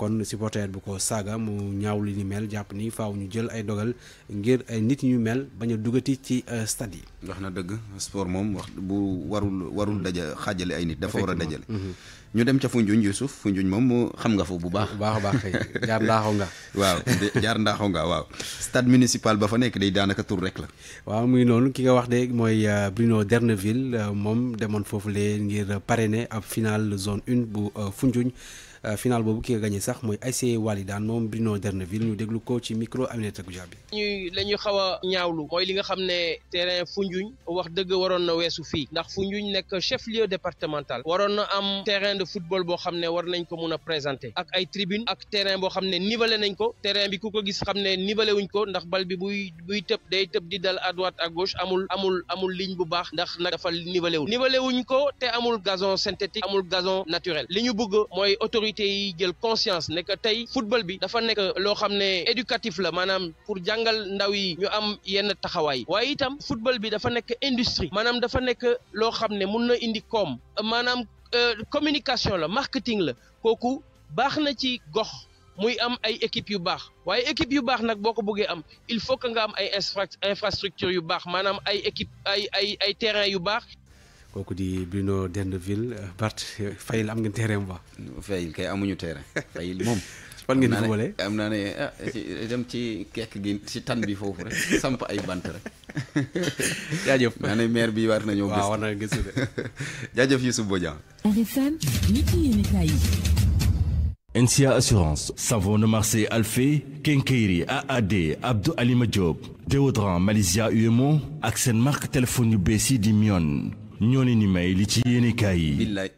kon supporter bu ko saga mu ñaawli ni mel japp ni faaw ñu jël ay dogal ngir ay nit ñu mel baña a dugati ci euh, stade yi. wax na sport mom wax bu warul warul daja xaajale ay nit dafa wara dajjal mhm. ñu dem ci fuñjuñ Youssouf fuñjuñ mom xam nga foofu bu baax. bu baax a baax *laughs* jaar ndaaxaw nga. waaw jaar ndaaxaw nga waaw stade municipal ba fa nek day danaka tour rek la. waaw muy noonu ki nga wax de moy euh, Bruno Derneville euh, mom demone fofu le ngir parrainer ab finale zone 1 bu fuñjuñ euh, final bobu ki nga gagné sax moy ASC Walidane mom Bruno Derneville ñu déglu ko ci micro Aminata Goudiaby ñuy la ñu xaw a ñaawlu mooy li nga xamné terrain Foundiougne wax dëgg waron na wessu fi ndax Foundiougne nek chef lieu départemental waron na am terrain de football bo xamné war nañ ko mëna présenter ak ay tribune ak terrain bo xamné nivelé nañ ko terrain bi ku ko gis xamné nivelé wuñ ko ndax bal bi buy buy tëb day tepp di dal à droite à gauche amul amul amul ligne bu baax ndax nag dafa nivelé wuñ nivelé wuñ ko té amul gazon synthétique amul gazon naturel liñu bëgg moy autorité autorité yi jël conscience ne que football bi dafa nek lo xamné éducatif la manam pour jangal ndaw yi ñu am yenn taxawaay waye itam football bi dafa nek industrie manam dafa nek lo xamné mën na indi koom maanaam euh, communication la marketing la koku baxna ci gox muy am ay équipe yu bax waye équipe yu bax nak boko ko am il faut que nga am ay infrastructure yu bax manam ay équipe ay ay ay terrain yu bax kooku di Bruno Derneville euh, Bart euh, Fayil am ngeen terrain bu Fayil kay amuñu terrain Fayil moom. *laughs* fan ngeen di boole am naa ne ah dem ci kekk gi ci tan bi foofu rek samp ay bant rek. *laughs* jaajëf naa ne maire bi war nañoo. waaw war na gëstu de *laughs* jaajëf Youssou Bodian. RFM nit yi yéen NCA Assurance, Savon Marseille Alphé, Kenkeiri, AAD, Abdou Alima Diop, Deodran, Malaysia UMO, Accent Marque Téléphone UBC Dimion. ñoo ne ni may li ci yéenekaay yi. billaay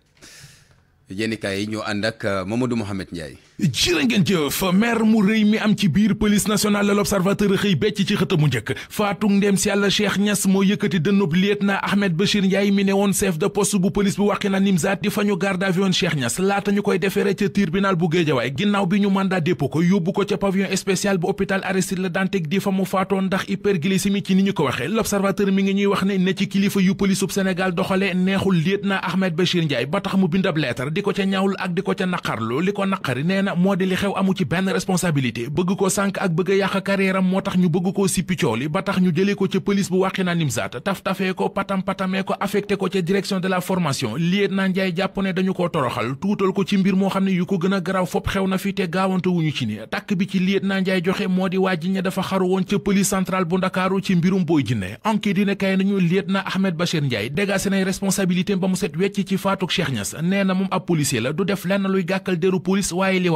yéenekaay yi ñoo ànd ak uh, Mamadou Mouhamed Ndiaye. jirë ngeen jëf mer mu rëy mi am ci biir police nationale la l'observateur xëy becc ci xët mu njëkk faatu ndem si yàlla Cheikh ñas moo yëkkati dënnub lieutenant Ahmed Bachir Ndiaye mi ne woon chef de poste bu police bu Wakhinane Nimzatt di fa ñu garde à vue woon laata ñu koy defere ca tribunal bu Guédiawaye ginnaaw bi ñu mandat dépôt ko yóbbu ko ca pavillon spécial bu hôpital Aristide Le Dantec di fa mu faatoon ndax hyperglycémie ci ni ñu ko waxee l'observateur mi ngi ñuy wax ne ne ci kilifa yu police bu Sénégal doxale neexul lieutenant Ahmed Bachir Ndiaye ba tax mu bindab lettre di ko ca ñaawul ak di ko ca naqarlu li ko naqari nee na na moo di li xew amu ci benn responsabilité bëgg ko sànk ak bëgg a yàq carrière moo tax ñu bëgg ko sippi cooli ba tax ñu jëlee ko ca police bu Wakhinane Nimzatt taf tafee ko patam patamee ko affecté ko ca direction de la formation lieutenant Ndiaye jàpp ne dañu koo toroxal tuutal ko ci mbir moo xam ne yu ko gën a garaaw fopp xew na fi te gaawante wuñu ci ni takk bi ci lieutenant Ndiaye joxe moo di waa ji ñe dafa xaru woon ca police centrale bu Ndakaaru ci mbirum Boy Djiné enquête dina kay nañu lieutenant Ahmed Bachir Ndiaye dégase nay responsabilité ba mu set wecc ci faatuk Cheikh Niass nee na moom ab policier la du def lenn luy gàkkal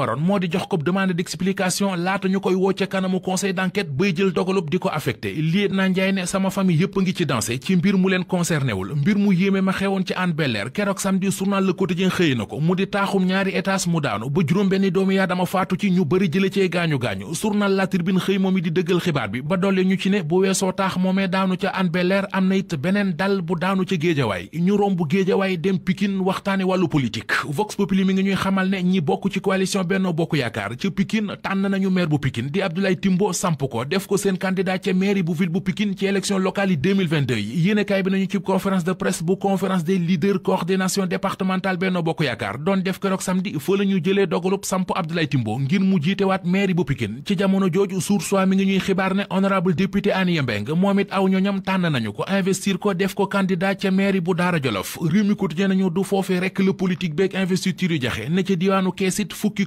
waroon moo di jox ko demande d'explication laata ñu koy woo ca kanamu conseil d'enquête bay jël dogalub di ko affecté liet na njaay ne sama famille yëpp a ngi ci dansé ci mbir mu leen concerné mbir mu yéeme ma xewoon ci Hann Bel-Air keroog samedi journal Le Quotidien xëy na ko mu di taaxum ñaari étage mu daanu ba juróom-benni doomu yaa dama faatu ci ñu bëri jële cee gaañu-gaañu journal La Tribune xëy moom di dëggal xibaar bi ba dolli ñu ci ne bu weesoo taax Benno Bokk Yaakaar ca Pikine tànn nañu maire bu Pikine di Abdoulaye Timbo samp ko def ko seen candidat ca mairie bu ville bu Pikine ci élection locale yi yéenekaay bi nañu ci conférence de presse bu conférence des leaders coordination départementale Benno Bokk Yaakaar doon def keroog samedi fa la ñu jëlee samp Abdoulaye Timbo ngir mu jiitewaat mairie bu Pikine ci jamono jooju Source A mi ngi ñuy xibaar ne honorable député Aniya Mbeng moom it aw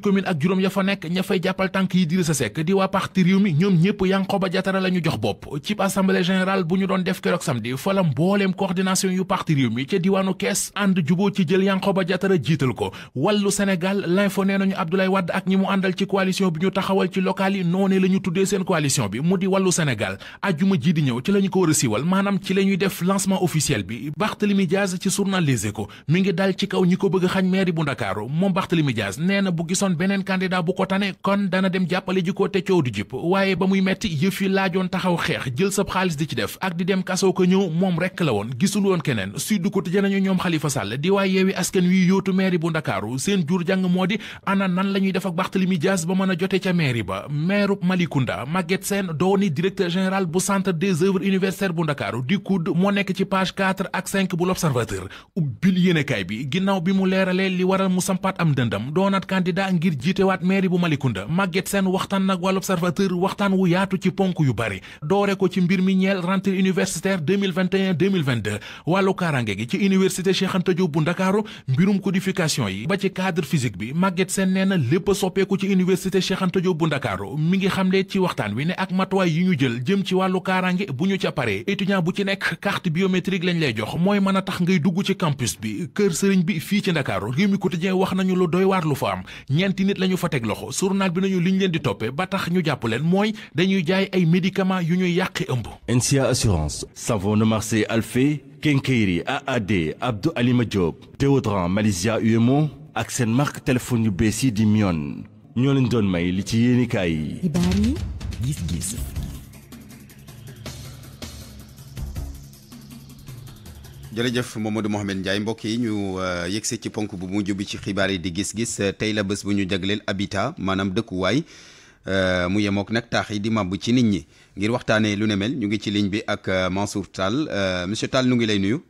commune ak juróom ya fa nekk ña fay jàppal tànk yi Idrissa Seck di waa parti mi ñoom ñëpp Yankhoba Diattara la ñu jox bopp cib assemblée générale bu ñu doon def keroog samedi fa mbooleem coordination yu parti mi ca diwaanu kees ànd juboo ci jël Yankhoba Diattara jiital ko wàllu Sénégal l'info nee nañu Abdoulaye Wade ak ñi mu àndal ci coalition bi ñu taxawal ci local yi noonee la tuddee seen coalition bi mu di wàllu Sénégal ajjuma ji di ñëw ci la a beneen candidat bu ko tane kon dana dem jàppale ji ko te coow du jip waaye ba muy metti yëf yi laajoon taxaw xeex jël sab xaalis di ci def ak di dem kasoo ko ñëw moom rekk la woon gisul woon keneen Sud Quotidien nañu ñoom Xalifa Sàll di waaye yeewi askan wi yóotu mairie bu Ndakaaru seen jur jàng moo di ana nan la ñuy def ak Barthélemy Dias ba mën a jote ca mairie ba maire Malikounda Maguette Sène dooni directeur général bu centre des œuvres universitaires bu Ndakaaru di kudd moo nekk ci page 4 ak 5 bu l'Observateur ubbil yéenekaay bi ginnaaw bi mu leeralee li waral mu sampaat am dëndam doonaat ngir jiitewaat mairie bu Malicounda Maguette Sène waxtaan nag waa l'Observateur waxtaan wu yaatu ci ponk yu bari doore ko ci mbir mi ñeel rentrée universitaire 2021 2022 wàllu kaaraange gi ci université Cheikh Anta Diop bu Ndakaaru mbirum codification yi ba ci cadre physique bi Maguette Sène nee na lépp a soppeeku ci université Cheikh Anta Diop bu Ndakaaru mi ngi xamle ci waxtaan wi ne ak matuwaay yi ñu jël jëm ci wàllu kaaraange bu ñu ca paree étudiant bu ci nekk carte biométrique lañ lay jox mooy mën a tax ngay dugg ci campus bi kër bi fii ci Ndakaaru réew mi quotidien ñeenti nit lañu fa teg loxo journal bi nañu liñ leen di toppe ba tax ñu jàpp leen mooy dañuy jaay ay médicament yu ñuy yàqi ëmb. NCA assurance savon de Marseille Alphée Kenkeyri AAD Abdou Alima Diop déodorant Malaysia UMO ak seen marque téléphone yu bees yi di Mion ñoo leen doon may li ci yéenikaay yi. xibaar yi gis-gis. jërëjëf Mamadou Mohamed Ndiaye mbokk yi ñu euh, yegsi ci ponk bu mujj bi ci xibaar yi di gis-gis euh, tey la bés bu ñu jagleel habitat maanaam dëkkuwaay euh, mu yemook nag taax yi di màbb ci nit ñi ngir waxtaanee lu ne mel ñu ngi ci ligne bi ak Mansour Tall monsieur Tall nu ngi lay nuyu.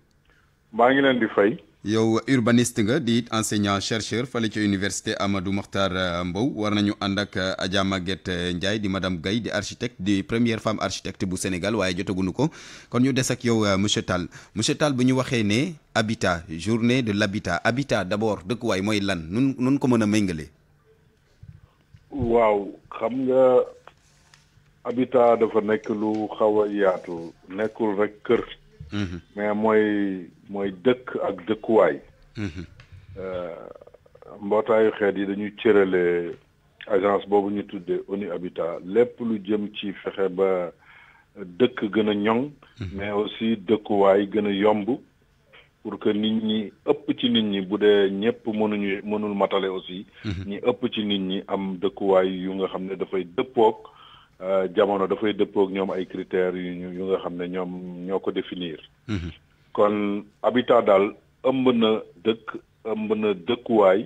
maa ngi leen di fay. yow urbaniste nga enseignant chercheur ci Amadou Mokhtar euh, Mbow war nañu euh, euh, madame architecte première femme architecte du Sénégal waye jotaguñu ko kon ñu des ak yow habitat journée de l'habitat habitat d'abord de lan ko waaw xam nga habitat dafa Mm-hmm. mais mooy mooy dëkk ak dëkkuwaay. Mm-hmm. Euh, mbootaayu xeet yi dañuy cërale agence boobu ñu tuddee ONU Habitat lépp lu jëm ci fexe ba dëkk gën a ñoŋ. Mm-hmm. mais aussi dëkkuwaay gën a yomb. pour que nit ñi ëpp ci nit ñi bu dee ñëpp mënuñu mënul matale aussi. ñi ëpp ci nit ñi am dëkkuwaay yu nga xam ne dafay dëppook Euh, jamono dafay dëppook ñoom ay critères yu ñu yu nga xam ne ñoom ñoo ko definiir mhm. kon habitat daal ëmb na dëkk ëmb na dëkkuwaay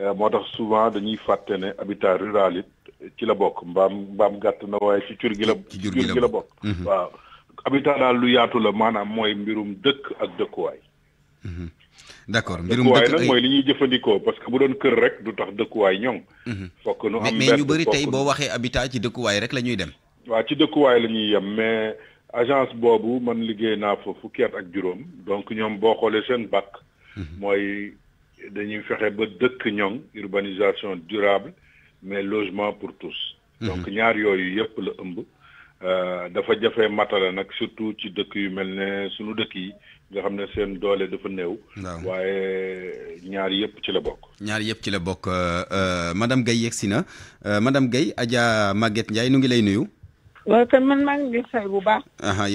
euh, moo tax souvent dañuy fàtte ne habitat rural it ci la bokk mbaam mbaam gàtt na waaye ci cur gi la cur gi la bokk mhm. waaw habitat daal lu yaatu la maanaam mooy mbirum dëkk ak dëkkuwaay mhm. d'accord mbirum dëkkuwaay nag mooy li ñuy jëfandikoo parce que bu doon kër rek du tax dëkkuwaay ñoŋ. Mhm. fokk nu am mais ñu bëri tey boo waxee habitat ci dëkkuwaay rek la ñuy dem. waa ci dëkkuwaay lañuy ñuy yem mais agence boobu man liggéey naa fa fukki at ak juróom donc ñoom boo xoolee seen bàkk. Mhm. mooy dañuy fexe ba dëkk ñoŋ urbanisation durable mais logement pour tous. Mhm. donc ñaar yooyu yëpp la ëmb. Euh, dafa jafe matale nag surtout ci dëkk yu mel ne sunu dëkk yi. nga xam ne seen doole dafa néew. waaye ñaar yëpp ci la bokk. ñaar yëpp ci la bokk euh, euh, madame Gaye yegsi na euh, madame gay Adja màgget Ndiaye nu ngi lay nuyu. waaw kon man maa ngi bu baax.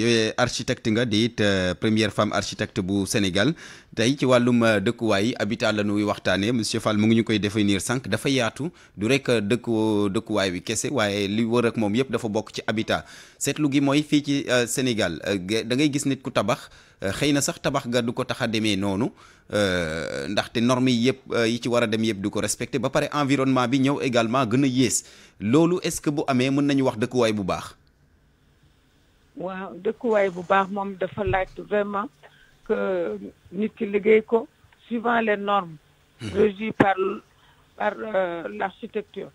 yooyu architecte nga di it première femme architecte bu Sénégal tey ci wàllum dëkkuwaay habitat la nuy waxtaanee monsieur Fall mu ngi ñu koy définir sànq dafa yaatu du rek dëkku dëkkuwaay bi kese waaye li wër ak moom yëpp dafa bokk ci habitat seetlu gi mooy fii ci Sénégal da ngay gis nit ku tabax. xëy na sax tabax nga du ko tax a demee noonu euh, ndaxte normes yi yëpp euh, yi ci war a dem yëpp du ko respecté ba pare environnement bi ñëw également gën a yées loolu est-ce que bu amee mën nañu wax dëkkuwaay bu baax. waaw dëkkuwaay bu baax moom dafa laaj vraiment que nit ki liggéey ko suivant les normes. Mhm. régies par par euh, l'architecture.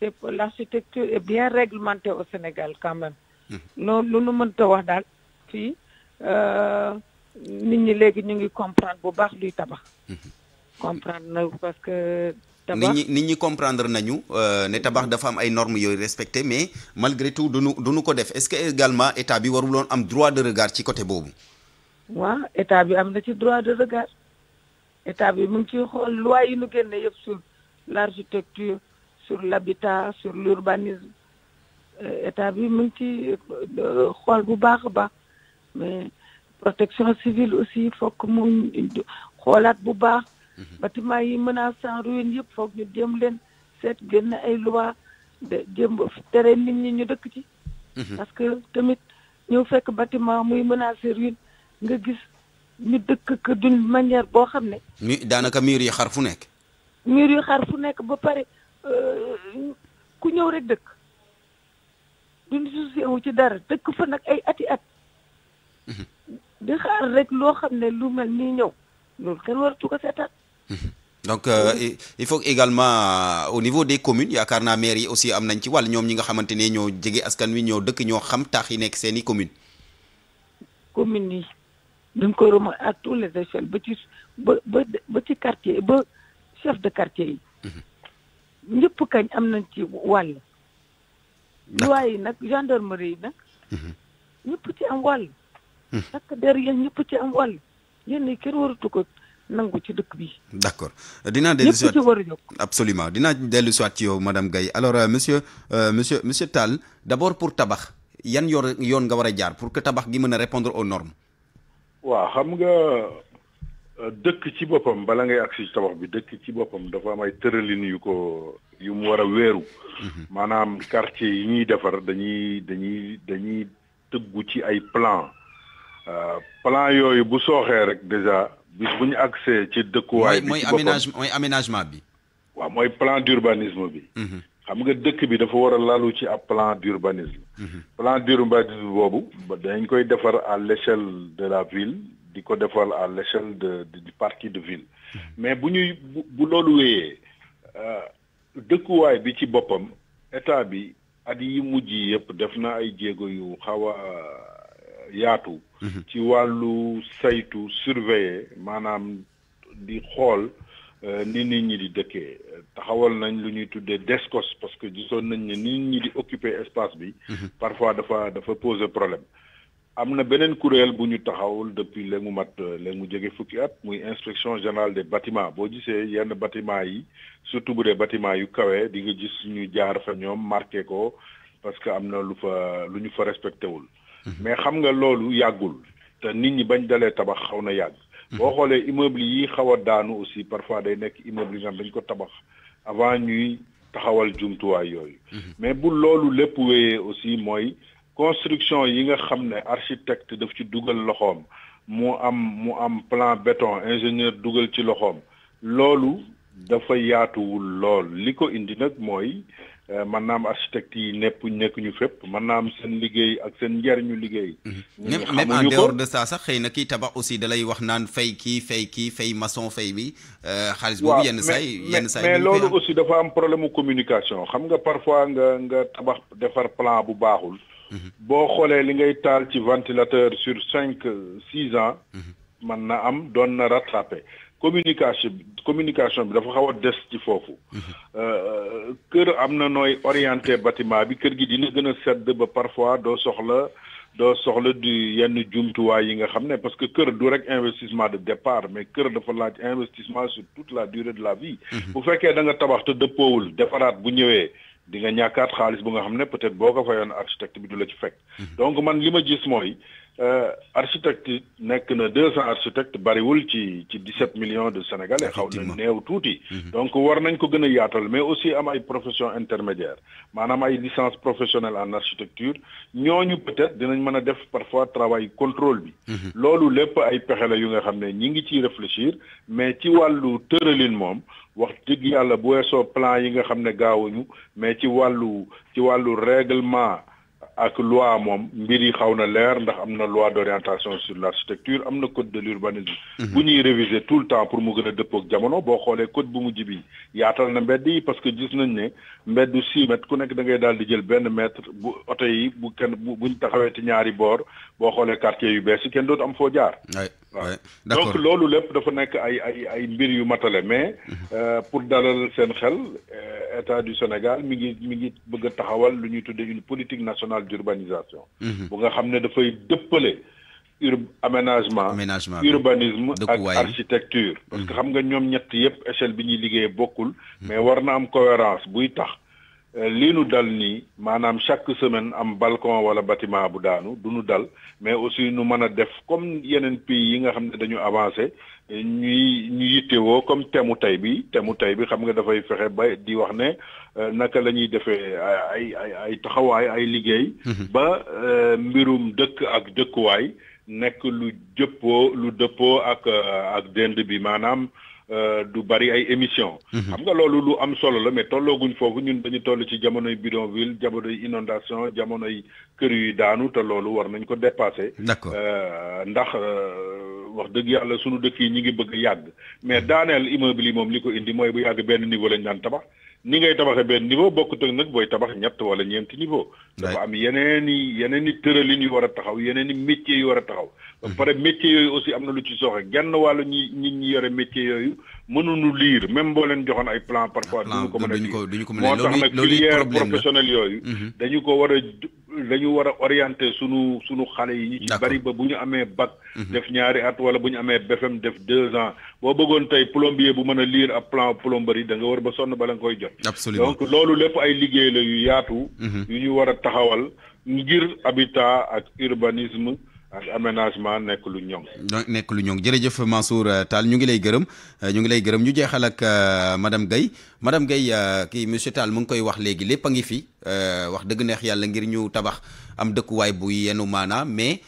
te l'architecture est bien réglementée au Sénégal quand même. Mhm. loolu nu mënta wax daal fii. Euh, nit ñi léegi ñu ngi comprendre bu baax luy tabax. Mhm. comprendre na parce que. tabax nit ñi ñi comprendre nañu euh, ne tabax dafa am ay normes yooyu respecté mais malgré tout du nu du nu ko def est-ce que également état bi waruloon am droit de regard ci côté boobu. waaw état bi am na ci droit de regard état bi mu ngi ciy xool loi yi nu génne yëpp sur l'architecture sur l'habitat sur l'urbanisme euh, état bi mu ngi ciy xool bu baax a baax. mais protection civile aussi fokk mu xoolaat bu baax. Mhm. bâtiment yi menacé en ruine yëpp foog ñu jëm leen seet génn ay loi de jéem tere nit ñi ñu dëkk ci. Mhm. parce que tamit ñëw fekk bâtiment muy menacé ruine nga gis ñu dëkk que d'une manière boo xam ne. mi daanaka miir yi xar fu nekk. mur yi xar fu nekk ba pare euh, ku ñëw rek dëkk duñ soucié wu ci dara dëkk fa nag ay ati at. di xaar rek loo xam ne lu mel nii ñëw loolu kenn waratu ko seetaan. Mhm. donc euh, il faut également euh, au niveau des communes yaakaar naa maire yi aussi am nañ ci wàll ñoom ñi nga xamante ne ñoo jege askan wi ñoo dëkk ñoo xam taax yi nekk seeni commune commune yi duñ ko remonter tous les échelles ba ci ba quartier ba chef de quartier yi. Mhm. ñëpp kañ am nañ ci wàll. waaye nag gendarmerie yi nag. Mhm. ñëpp ci am wàll. takk der ya ñëpp ci am wàll yenn yi kenn waratu ko nangu ci dëkk bi d' accord dinaa dellu si war a absolument dinaa ci yow madame Gaye alors euh, monsieur euh, monsieur monsieur Tal. d' abord pour tabax yan yoon yoon nga war a jaar pour que tabax gi mën a répondre aux normes waaw xam nga euh, dëkk ci boppam bala ngay agsi tabax bi dëkk ci boppam dafa am ay tëralin yu ko yu mu war a weeru mhm. quartier yi ñuy defar dañuy dañuy dañuy tëggu ci ay plan Euh, plan yooyu bu sooxee rek déjà bu ñu accès ci dëkkuwaay bi ci boppam mooy aménagement bi. waaw mooy plan d'urbanisme bi. Mhm. xam nga dëkk bi dafa war a lalu ci ab plan d'urbanisme. Mhm. plan d'urbanisme boobu dañ koy defar à l'échelle de la ville di ko defar à l'échelle de du parti de ville. Mhm. mais bu ñuy bu loolu wéyee euh, dëkkuwaay bi ci boppam état bi at yi mujj yëpp def na ay jéego yu xaw a yaatu mhm. ci wàllu saytu surveiller maanaam di xool euh, ni nit ñi di dëkkee taxawal nañ lu ñuy tuddee descos parce que gisoon nañ ne nit ñi di occuper espace bi mhm. parfois dafa dafa poser problème am na beneen kuréel bu ñu taxawul depuis léegi mat euh, léegi mu jege fukki at muy inspection générale des bâtiments boo gisee yenn bâtiment yi surtout bu dee bâtiment yu kawe di nga gis ñu jaar fa ñoom marqué ko parce que am na lu fa lu ñu fa respecté wul Mm-hmm. mais xam nga loolu yàggul te nit ñi bañ dalee tabax xaw na yàgg. Mm-hmm. boo xoolee immeuble yi xaw a daanu aussi parfois day nekk immeuble yi nga dañ ko tabax avant ñuy taxawal jumtuwaay yooyu. Mm-hmm. mais bu loolu lépp wéyee aussi mooy construction yi nga xam ne architecte def ci dugal loxoom mu am mu am plan beton ingénieur dugal ci loxoom loolu dafa yaatuwul lool li ko indi nag mooy. Euh, man am architecte yi nepp nekk ñu fépp man am seen liggéey ak seen njariñu liggéey. Mhm. même en dehors de ça sax xëy na kii tabax aussi da lay naan fay kii fay kii fay maçon fay bi. Euh, xaalis boobu yenn saa yi yenn saa yi loolu aussi dafa am problème mu communication xam nga parfois nga nga tabax defar plan bu baaxul. Mhm. boo xoolee li ngay taal ci ventilateur sur cinq six ans. man mhm. na am doon na rattrapé. communication communication bi dafa xaw a des ci foofu euh, kër am na nooy orienté bâtiment bi kër gi dina gën a sedd ba parfois doo soxla doo soxla du yenn jumtuwaay yi nga xam ne parce que kër du rek investissement de départ mais kër dafa laaj investissement sur toute la durée de la vie mhm. bu fekkee da nga tabax te dëppoowul defaraat bu ñëwee di nga ñàkkaat xaalis bu nga xam ne peut-être boo ko fayoon architecte bi du la ci fekk. donc man li ma gis mooy euh, architecte nekk na deux cent architectes bariwul ci ci dix-sept million de sénégalais. xaw na néew tuuti. Mhm. donc war nañ ko gën a yaatal mais aussi am ay professions intermédiaires maanaam ay licence professionnelle en architecture ñu peut-être dinañ mën a def parfois travail contrôle bi. Mhm. loolu lépp ay pexe la yu nga xam ne ñi ngi ciy réfléchir mais ci wàllu tëralin moom. wax dëgg yàlla bu weesoo plan yi nga xam ne gaawuñu mais ci wàllu ci wàllu règlement ak loi moom mbir yi xaw na leer ndax am na loi d'orientation sur l'architecture am na code de l'urbanisme mhm. bu ñuy réviser tout le temps pour mu gën a dëppook jamono boo xoolee code bu mujj bi yaatal na mbedd yi parce que gis nañ ne mbedd 6 mètres ku nekk da ngay daal di jël benn mètre bu oto yi bu kenn buñ taxawee ci ñaari boor boo xoolee quartier yu bees yi kenn dootu am foo jaar waaw donc loolu lépp dafa nekk ay ay ay mbir yu matale mais mhm. euh, pour dalal seen xel euh, état du Sénégal mi ngi mi ngi bëgg a taxawal lu ñuy tuddee une politique nationale d'urbanisation urbanisation. Mhm. bu nga de aménagement urbanisme architecture. Mhm. parce que xam nga a mhm. mais war cohérence buy tax. Euh, nous dal ni manam chaque semaine am balcon wala bâtiment bu du mais aussi nous comme comme nous pays yi nga ñuy ñu yittewoo comme temu tey bi temu tey bi xam nga dafay fexe ba di wax ne euh, naka la ñuy defee ay ay ay taxawaay ay liggéey mm-hmm. ba euh, mbirum dëkk ak dëkkuwaay nek lu jëppoo lu dëppoo ak euh, ak dend bi euh du bari ay émission mhm. xam nga lolu lu am solo la mais tologuñ fofu ñun dañu toll ci jamonoy bidonville jamonoy inondation jamonoy kër yu daanu te lolu war nañ ko dépasser euh ndax euh, wax deug yalla suñu dëkk yi ñi ngi bëgg yàgg mais daanel immeuble yi moom li indi moy bu yàgg ben niveau lañ daan tabax ni ngay tabaxee benn niveau bokk ak nag booy tabax ñett wala ñeenti niveau. dafa am yeneen i yeneen i tëralin yu war a taxaw yeneen i métiers yi war a taxaw. ba mhm. pare métiers yooyu aussi am na lu ci sooxe genn wàllu ñi ñi ñi yore métiers yooyu mënuñu liir même boo leen joxoon ay plan parfois. Ah, duñu ko mën a liir moo tax nag filière professionnelle yooyu. Mhm. dañu ko war a dañu war a orienté sunu sunu xale yi. ñu ci bari ba bu ñu amee bac. Mhm. def ñaari at wala bu ñu amee BFM def deux ans. boo bëggoon tey plombier bu mën a lire ab plan plomberie da nga war ba sonn bala nga koy jot. absolument donc loolu lépp ay liggéey la yu yaatu. Mhm. yu ñu war a taxawal ngir habitat ak urbanisme. ak aménagement nekk lu ñoŋ. nekk lu ñoŋ jërëjëf Mansour euh, Tall ñu ngi lay gërëm euh, ñu ngi lay gërëm ñu jeexal ak euh, madame Guèye madame Guèye kii monsieur Tall mu ngi koy wax léegi lépp a ngi fi wax dëgg neex yàlla ngir ñu tabax am dëkkuwaay bu yenu maanaa mais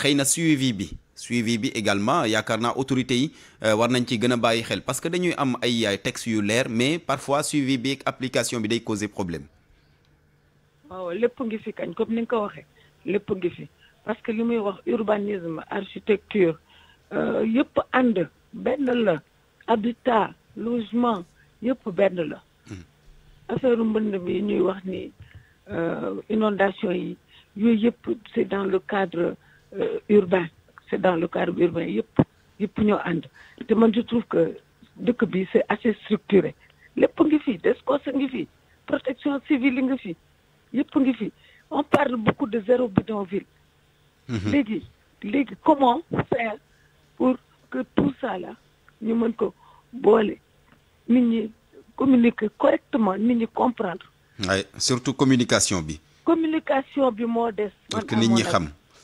xëy na suivi bi. suivi bi également yakarna autorité autorités yi euh, war nañ ci gëna bayyi xel parce que dañuy am ay texte yu lèr mais parfois suivi bi application bi day causer problème. waaw lepp ngi fi kañ comme ni nga ko waxee ngi fi parce que limuy wax urbanisme architecture euh, yëpp ànd benn la habitat logement yëpp benn la. Hmm. affaire mbënd bi ñuy wax ni euh, inondation yi yooyu yëpp c'est dans le cadre urbain c'est dans le cadre urbain Yep, yëpp te man je trouve que c'est assez structuré Les ngi fi descos ngi protection civile on parle beaucoup de zéro bidonville. Mhm. les comment faire pour que tout ça là ñu communiquer correctement nous ñi comprendre. la surtout communication bi. communication bi modeste. des.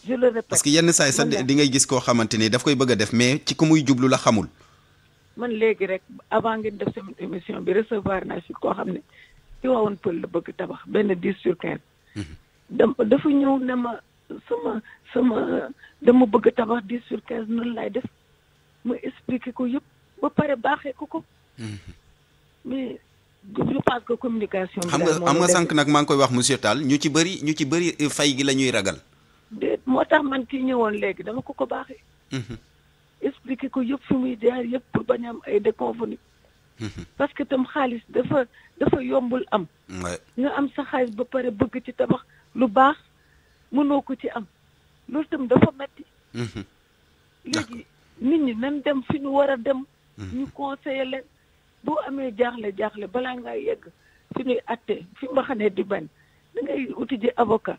je le parce que yenn saay sax di ngay gis koo xamante ni daf koy bëgg a def mais ci ku muy jublu la xamul. man léegi rek avant ngeen def seen émission bi recevoir naa fi koo xam ne ci waawoon pël la bëgg tabax benn dix sur quinze. Mhm. dafa ñëw ne ma sama sama dama bëgg tabax dix sur quinze noonu laay def ma expliquer ko yëpp ba pare baaxee ko ko. Mhm. mais je pense communication. xam nga xam nga sànq nag maa ngi koy wax monsieur Tall ñu ci bëri ñu ci bëri fay gi la ñuy ragal. moo tax man kii ñëwoon léegi dama ko ko baaxee. Mhm. expliquer ko yëpp fi muy jaar yëpp pour bañ am ay déconvenu. Mhm. parce que tam xaalis dafa dafa yombul am. nga am sa xaalis ba pare bëgg ci tabax lu baax mënoo ko ci am loolu tam dafa metti mhm. léegi nit ñi nan dem fi ñu war a dem. ñu conseiller leen boo amee jaaxle jaaxle balaa ngaa yegg fi ñuy àttee fi mbaxane di bañ da ngay uti ji avocat.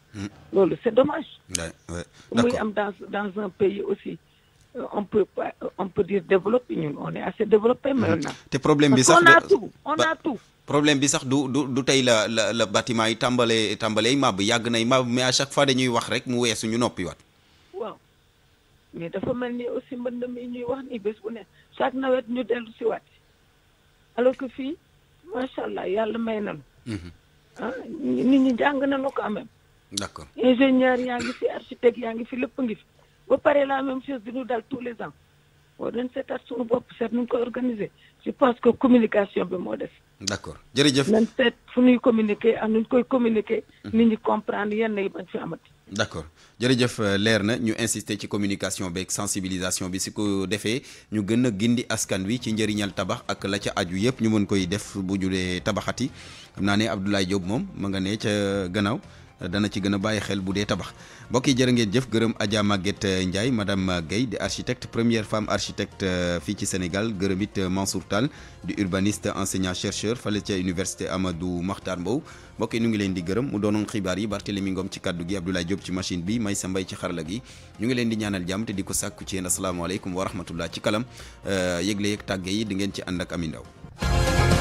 Mm. loolu c'est dommage. muy am dans dans un pays aussi. Euh, on peut pas on peut dire développé ñun on est assez développé mm-hmm. maintenant. Tes problèmes, bi sax on a tout on a tout. problème bi sax du du du tey la la la bâtiment yi tàmbalee tàmbalee mab yàgg nay màbb mais à chaque fois dañuy wax rek mu weesu ñu wat waaw mais dafa mel ni aussi mbënd mi ñuy wax ni bés bu ne chaque nawet ñu dellu si waat alors que fii macha allah yàlla may nañu. Mm-hmm. ah nit ñi jàng nañu quand même d'accord ingénieur y'angi, fi architecte yaa fi lepp ngi fi ba pare la même chose di nous dal tous les ans boo doon seetaat suñu bopp seet nu ñu koy organiser je pense que communication bi mo def d'accord jërëjëf nañ seet fu ñuy communiquer ak nuñ koy communiquer mhm. nit ñi comprendre yenn yi bañ fi amati d'accord jërëjëf euh, leer na ñu insister ci communication beeg sensibilisation bi si ko defee ñu gën a gindi askan wi ci njëriñal tabax ak la ca aju yépp ñu mën koy def bu ñu dee tabaxati xam naa ne Abdoulaye Diop moom ma nga ne ca euh, gannaaw dana ci gën a bàyyi xel bu dee tabax mbokki yi ngeen jëf gërëm Adja Maguette Ndiaye madame Guèye di architecte première femme architecte euh, fii ci Sénégal gërëm it euh, Mansour Tall di urbaniste enseignant chercheur fale ca université Amadou Mahtar Mbow mbokk yi ñu ngi leen di gërëm mu doon xibaar yi mi ngoom ci kaddu gi Abdoulaye Diop ci machine bi Maysa mbay ci xarala gi ñu ngi leen di ñaanal jàmm te di ko sàkku ci yéen asalaamaaleykum wa rahmatullah ci kalam euh, yëgle yëg yi di ngeen ci ànd ak Ami Ndaw